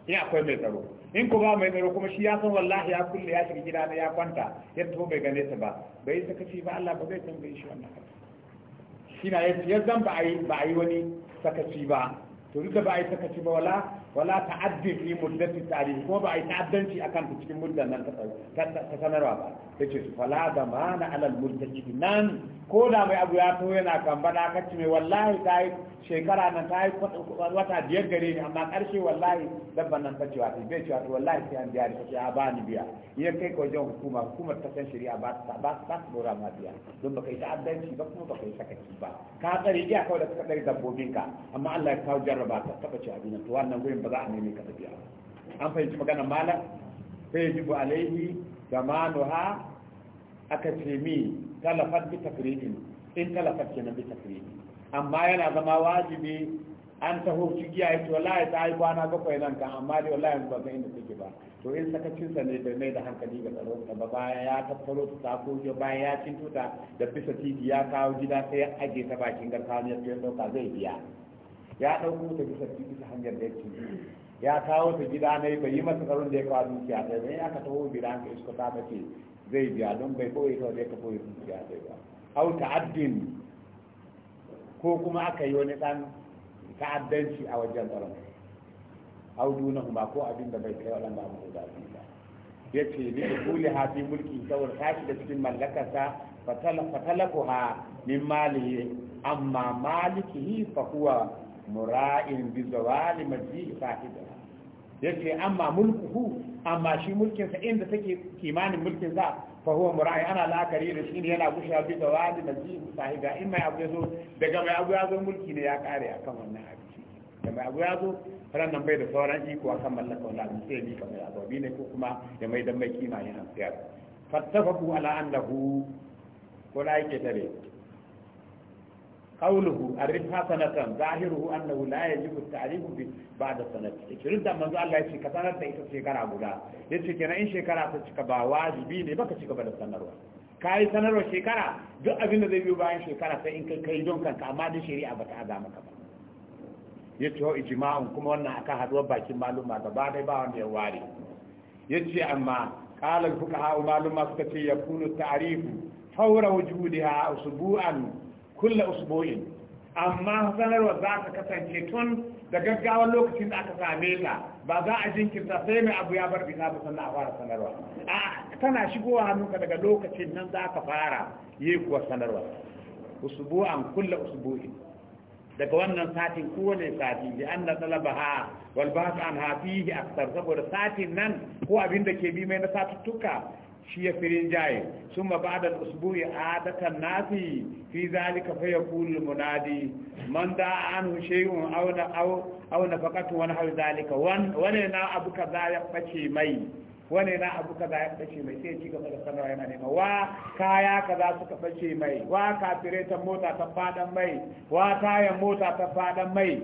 in akwai mai tsaro in ku ba mai tsaro kuma shi ya san wallahi ya kulle ya shiga gida na ya kwanta ya tafi bai gane ta ba bai yi sakaci ba Allah ba zai tambaye shi wannan shi na ya zan ba a yi wani sakaci ba to duka ba a yi sakaci ba wala wala ta ta'addi fi muddati tarihi kuma ba a yi ta'addanci akan ta cikin muddan nan ta sanarwa ba ta ce su fala da mana alal muddaki nan ko da mai abu ya to yana kan da kacci mai wallahi ta yi shekara nan ta yi wata biyar gare ni amma karshe wallahi dabban nan ta cewa bai cewa to wallahi sai an biya ta ce a ba ni biya ya kai ko wajen hukuma hukumar ta san shari'a ba ta ba ta dora ma biya don baka yi ta'addanci ba kuma baka yi sakaci ba ka tsare kawai da suka tsare dabbobinka amma Allah ya kawo jarra shekara ba ta taba ci abin to wannan gurin ba za a nemi ka tafiya an fahimci magana malam fa bu alaihi ha aka ce mi talafat bi takridin in talafat kenan bi takridin amma yana zama wajibi an taho ciki ya yi to wallahi ta yi kwana bakwai nan kan amma dai wallahi ba ga inda take ba to in cin sa ne bai mai da hankali ga tsaro ta ba bayan ya tattaro ta sako ya bayan ya cinto ta da fisa titi ya kawo gida sai ya aje ta bakin garkawa ne ya dauka zai biya ya ɗauko ta bisa bisa hanyar da yake ya kawo ta gida na yi yi masa tsaron da ya kawo dukiya ta bai aka taho gida ka iska ta ce zai biya don bai kawai ta da ka koyi dukiya ta ba hau ta'addin ko kuma aka yi wani ɗan ta'addanci a wajen tsaron Hau duna kuma ko abin da bai kai wannan abu da da ba Ya ce ni da kuli hafi mulki saboda tashi da cikin mallakarsa fatalakuha min malihi amma malikihi fa kuwa. mura'in bi zawali majdi sahibiha yace amma mulkuhu amma shi mulkin sa inda take kimanin mulkin sa fa huwa mura'i ana la'akari da shi ne yana gusha bi zawali majdi sahibiha in mai abu yazo daga mai abu yazo mulki ne ya kare akan wannan abu da mai abu yazo ran nan bai da sauran iko akan mallaka wannan abu sai ni kamar abu ne ko kuma ya mai dan mai kima yana siyar fattafaku ala annahu ko da yake tare قوله الربح zahiru, ظاهره أنه لا يجب التعريف بعد سنة إشرين دا منذ الله يشي كسنة دا إيسا شكرا بولا يشي كنا إن شكرا تشكبا واجبين بك شكبا لسنة روح kayi sanarwar shekara duk abin da zai biyo bayan shekara sai in ka kai don kanka amma da shari'a a ta aza maka ba ya ce ijma'un kuma wannan akan haduwar bakin maluma gaba dai ba wanda ya ware ya ce amma kalar fuka ha'u maluma suka ce ya kunu ta'arifu faura wujudiha usbu'an kulle usbu'in amma sanarwa za ta kasance tun da gaggawar lokacin da aka same ta ba za a jinkirta sai mai abu ya bar bisa ba sannan a fara sanarwa a tana shigowa hannunka daga lokacin nan za ka fara yi kuwa sanarwa usbu'an kulle usbu'in daga wannan satin kowane sati bi an na talabaha wal bahth an hafihi akthar saboda satin nan ko abin da ke bi mai na satuttuka shi ya firin jaye sun ma ba da ya adatan nasi fi zalika fa yaqulu munadi man da an shay'un aw na aw na faqatu wa na zalika wane na abu kaza ya bace mai wane na abu kaza ya bace mai sai ci gaba da sanarwa yana nema wa kaya kaza suka bace mai wa kafire ta mota ta fadan mai wa taya mota ta fadan mai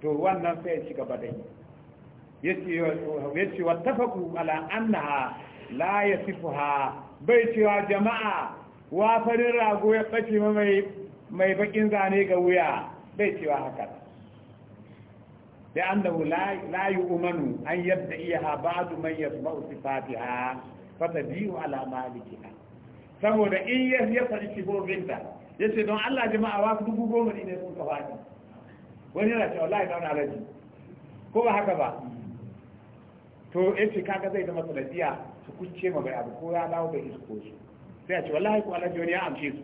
to wannan sai ci gaba da yi yace yace wattafaku ala annaha la ya sifuha bai cewa jama'a wa farin rago ya ɓace ma mai bakin zane ga wuya bai cewa haka da annahu la yi umanu an yadda iya ha ba'adu man yasma'u sifatiha fata biyu ala malikina saboda in ya ya faɗi sifofinta ya ce don Allah jama'a wasu dubu goma ne ne sun kafa ni wani yana ce wallahi da wani alaji ko ba haka ba to ya ce kaka zai zama sanadiya su kucce ma bai abu ko ya dawo bai isko su sai a ce wallahi ko alhaji wani ya amshe su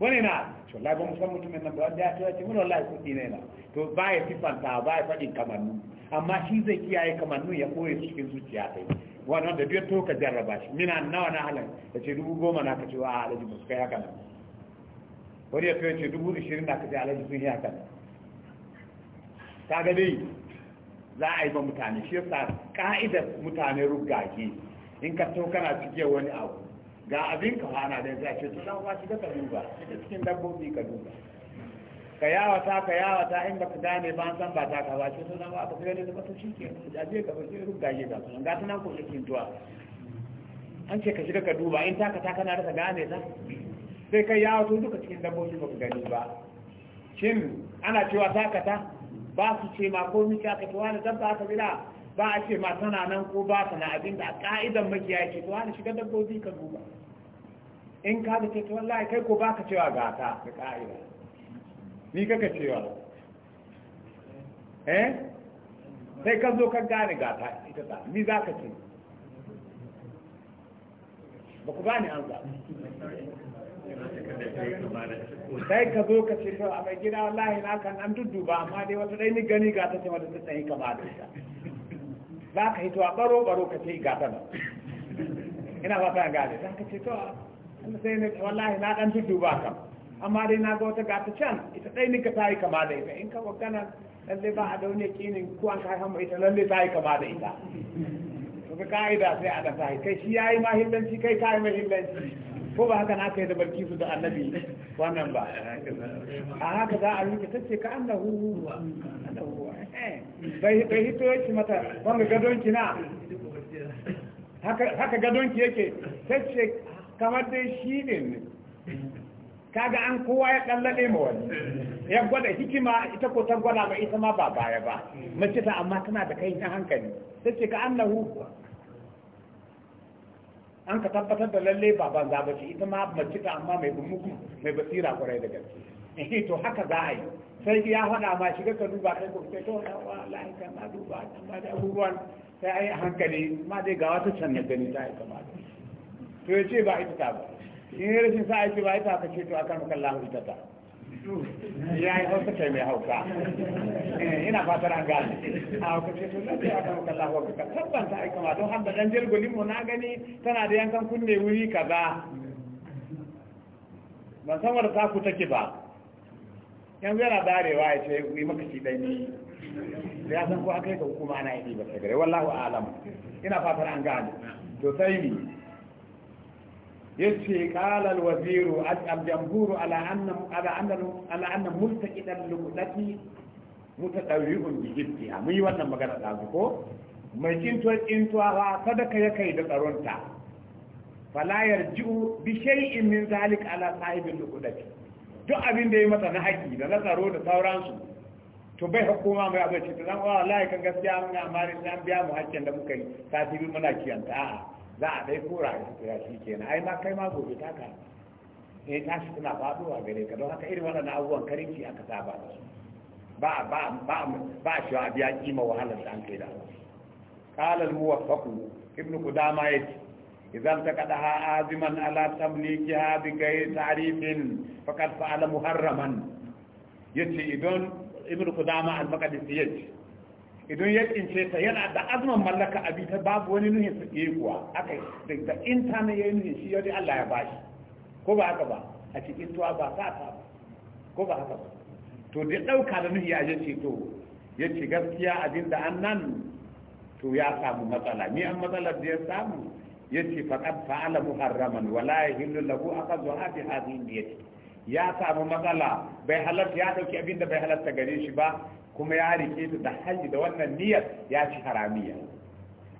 wani na ce wallahi ba musamman san mutumin nan ba wanda ya ce wace mun wallahi kuɗi ne na to ba ya sifanta ba ya faɗi kamannu amma shi zai kiyaye kamannu ya koye su cikin zuciya ta yi wani wanda biyar to ka jarraba shi mina nawa na halin ya ce dubu goma na ka ce wa alhaji ba su kai haka nan wani ya ce dubu ishirin na ka ce alhaji sun yi haka nan ta ga dai za a yi ba mutane shi yasa ka'idar mutane rugage in ka so kana cike wani abu ga abin ka hana da zai ce to dan shi shiga ka duba shiga cikin dabbobi ka duba ka yawata ka yawata in baka gane ba san ba ta ka ba ce to dan ba ka gane da mutum shike da je ka bace ruga je ga sun ga tunan ko cikin tuwa an ce ka shiga ka duba in taka ta kana rasa gane ta sai kai yawato duka cikin dabbobi baka gani ba shin ana cewa ta? ba su ce ma komi tuwa da dabba aka bila ba a ce masu nanan nan ko ba su na abin da a ka'idan makiya ce to hana shiga dabbobi ka duba in ka da ce to wallahi kai ko ka cewa ga ta da ka'ida ni kaka cewa eh sai ka zo ka gane ga ta ita ta ni za ka ce ba ku gane an za sai ka zo ka ce to a mai gida wallahi na kan an dudduba amma dai wata dai ni gani ga ta ce wata ta tsaye ka ba da ita za ka a baro-baro ka ce gata ina ba ta gane za ka ce to an sai ne wallahi na dan tuddu ba ka. amma dai na ga wata gata can ita ɗai ninka ta yi kama da ita in ka wakana lalle ba a daune kinin kuwan ka hama, ita lalle ta yi kama da ita to ka ka'ida sai a da sahi kai shi yi mahimmanci kai yi mahimmanci ko ba haka na kai da barki su da annabi wannan ba a haka za a yi ta ce ka annahu annahu bai hito yake mata wanga gadonki na haka gadonki yake sace kamar dai shi ne kaga an kowa ya kallade ma wani ya gwada hikima ita ko ta gwada ba ita ma ba baya ba mace ta amma tana da kai na hankali sace ka annahu an ka tabbatar da lalle ba ban ba ita ma mace ta amma mai bumuku mai basira kwarai da gaske eh, to haka za a yi sai ya faɗa ma shiga ka duba kai ko ke to na wa lai ka ma duba amma da abubuwan sai ai hankali ma dai ga wata can na gani ta aika ma to ya ce ba ita ta ba in yi rashin sa'a aiki ba ita ka ce to akan kan lahu ita ta ya yi hausa kai mai hauka eh, ina fatar an gane a ce to na ce akan maka lahu ka tabban ta aika kama don har da dan jirgulin mu na gani tana da yankan kunne wuri kaza ban san ta ku take ba yanzu yana darewa ya ce yi maka shi ɗanyi da ya san ko aka yi ka hukuma ana yi ba sagare wallahu alam ina fatar an gane to sai ni yace qala al waziru al jamhur ala anna ala anna ala anna mustaqidan luqati mutadawwi'un bi jiddiha mun yi wannan magana da ko mai cinto kintuwa fa sadaka ya kai da tsaronta fala yarji'u bi shay'in min zalika ala sahibi luqati duk abin da ya mata na haƙi da na tsaro da sauransu to bai hukuma mai abin ce to zan wa wallahi kan gaskiya mun amari an biya mu haƙƙin da muka yi sati biyu muna kiyanta a'a za a dai kora ya shi kenan ai ma kai ma gobe ta ka eh tashi tana faɗowa gare ka don haka irin waɗannan abubuwan karinci aka saba da su ba ba ba ba shi a biya kima wahalar da an kai da Allah qala al-muwaffaq ibn qudama yace إذا التقطها آزما على تمليكها بغير تعريف فقد فعل محرما يتي إذن ابن قدامة المقدسي يتي idan ya kince ta yana da azumin mallaka a bi ta babu wani nuhin su ke kuwa aka da intanet ya yi nuhin shi yadda Allah ya bashi ko ba haka ba a cikin tuwa ba sa ta ba ko ba haka ba to da ɗauka da nuhi ya ce to ya ce gaskiya abin da an nan to ya samu matsala ni an matsalar da ya samu yace faqad fa'ala muharraman wala yahillu lahu aqdu hati hadhihi diyati ya samu matsala bai halatta ya dauki abin da bai halatta gare shi ba kuma ya rike da hali da wannan niyyar ya ci haramiya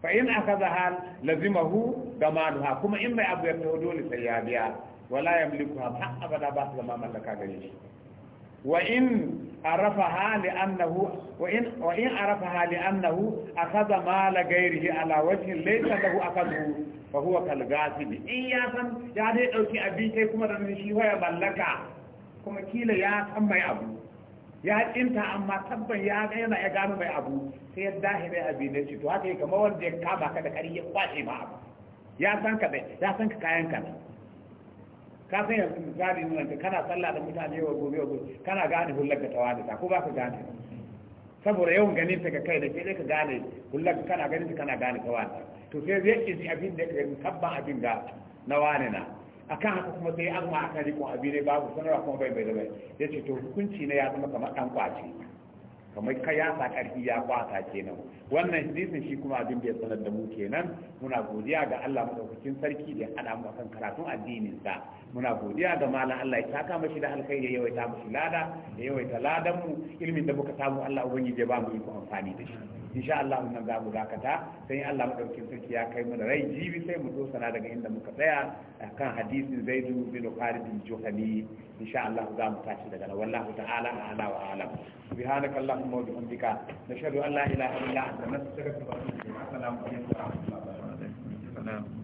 fa in akaza hal lazimahu gamanuha kuma in bai abu ya taho dole sai ya biya wala yamliku ha abada ba su zama mallaka gare shi wa in عرفها لأنه وإن, وإن عرفها لأنه أخذ مال غيره على وجه ليس له أخذه fa huwa kal ghasib in ya san ya dai dauki abin kai kuma da shi waya mallaka kuma kila ya san mai abu ya kinta amma tabban ya ga yana ya gano mai abu sai ya dahi mai abin da shi to haka yake kamar wanda ya kama ka da kari ya kwace ma abu ya san ka ya san ka kayan ka ka san yanzu misali nan kana sallah da mutane yau gobe gobe kana gane hullar ka tawadita ko ba ka gane saboda yawan ganin ta ka kai da ke ka gane hullar kana ganin ta kana gane tawadita to sai zai shi abin da irin kaba abin da na wane na akan haka kuma sai an ma akan rikon abin ne babu sanarwa kuma bai bai bai ya ce to hukunci na ya zama kamar dan kwace kamar ka ya sa karfi ya kwata kenan wannan hadisin shi kuma abin da ya sanar da mu kenan muna godiya ga Allah madaukakin sarki da ya hada mu kan karatun addinin sa muna godiya ga malam Allah ya taka mashi da alkhairi ya yawaita mashi lada ya yawaita ladan mu ilmin da muka samu Allah ubangiji ya ba mu iko amfani da shi insha Allah nan za mu dakata sai Allah madaukakin sarki ya kai mu da rai jibi sai mu sana daga inda muka tsaya kan hadisin Zaidu bin Khalid bin Juhani insha Allah za mu tashi daga nan wallahu ta'ala a'la wa a'lam subhanaka allahumma wa bihamdika nashhadu an la ilaha illa anta nastaghfiruka wa natubu ilaik assalamu alaikum wa rahmatullahi wa barakatuh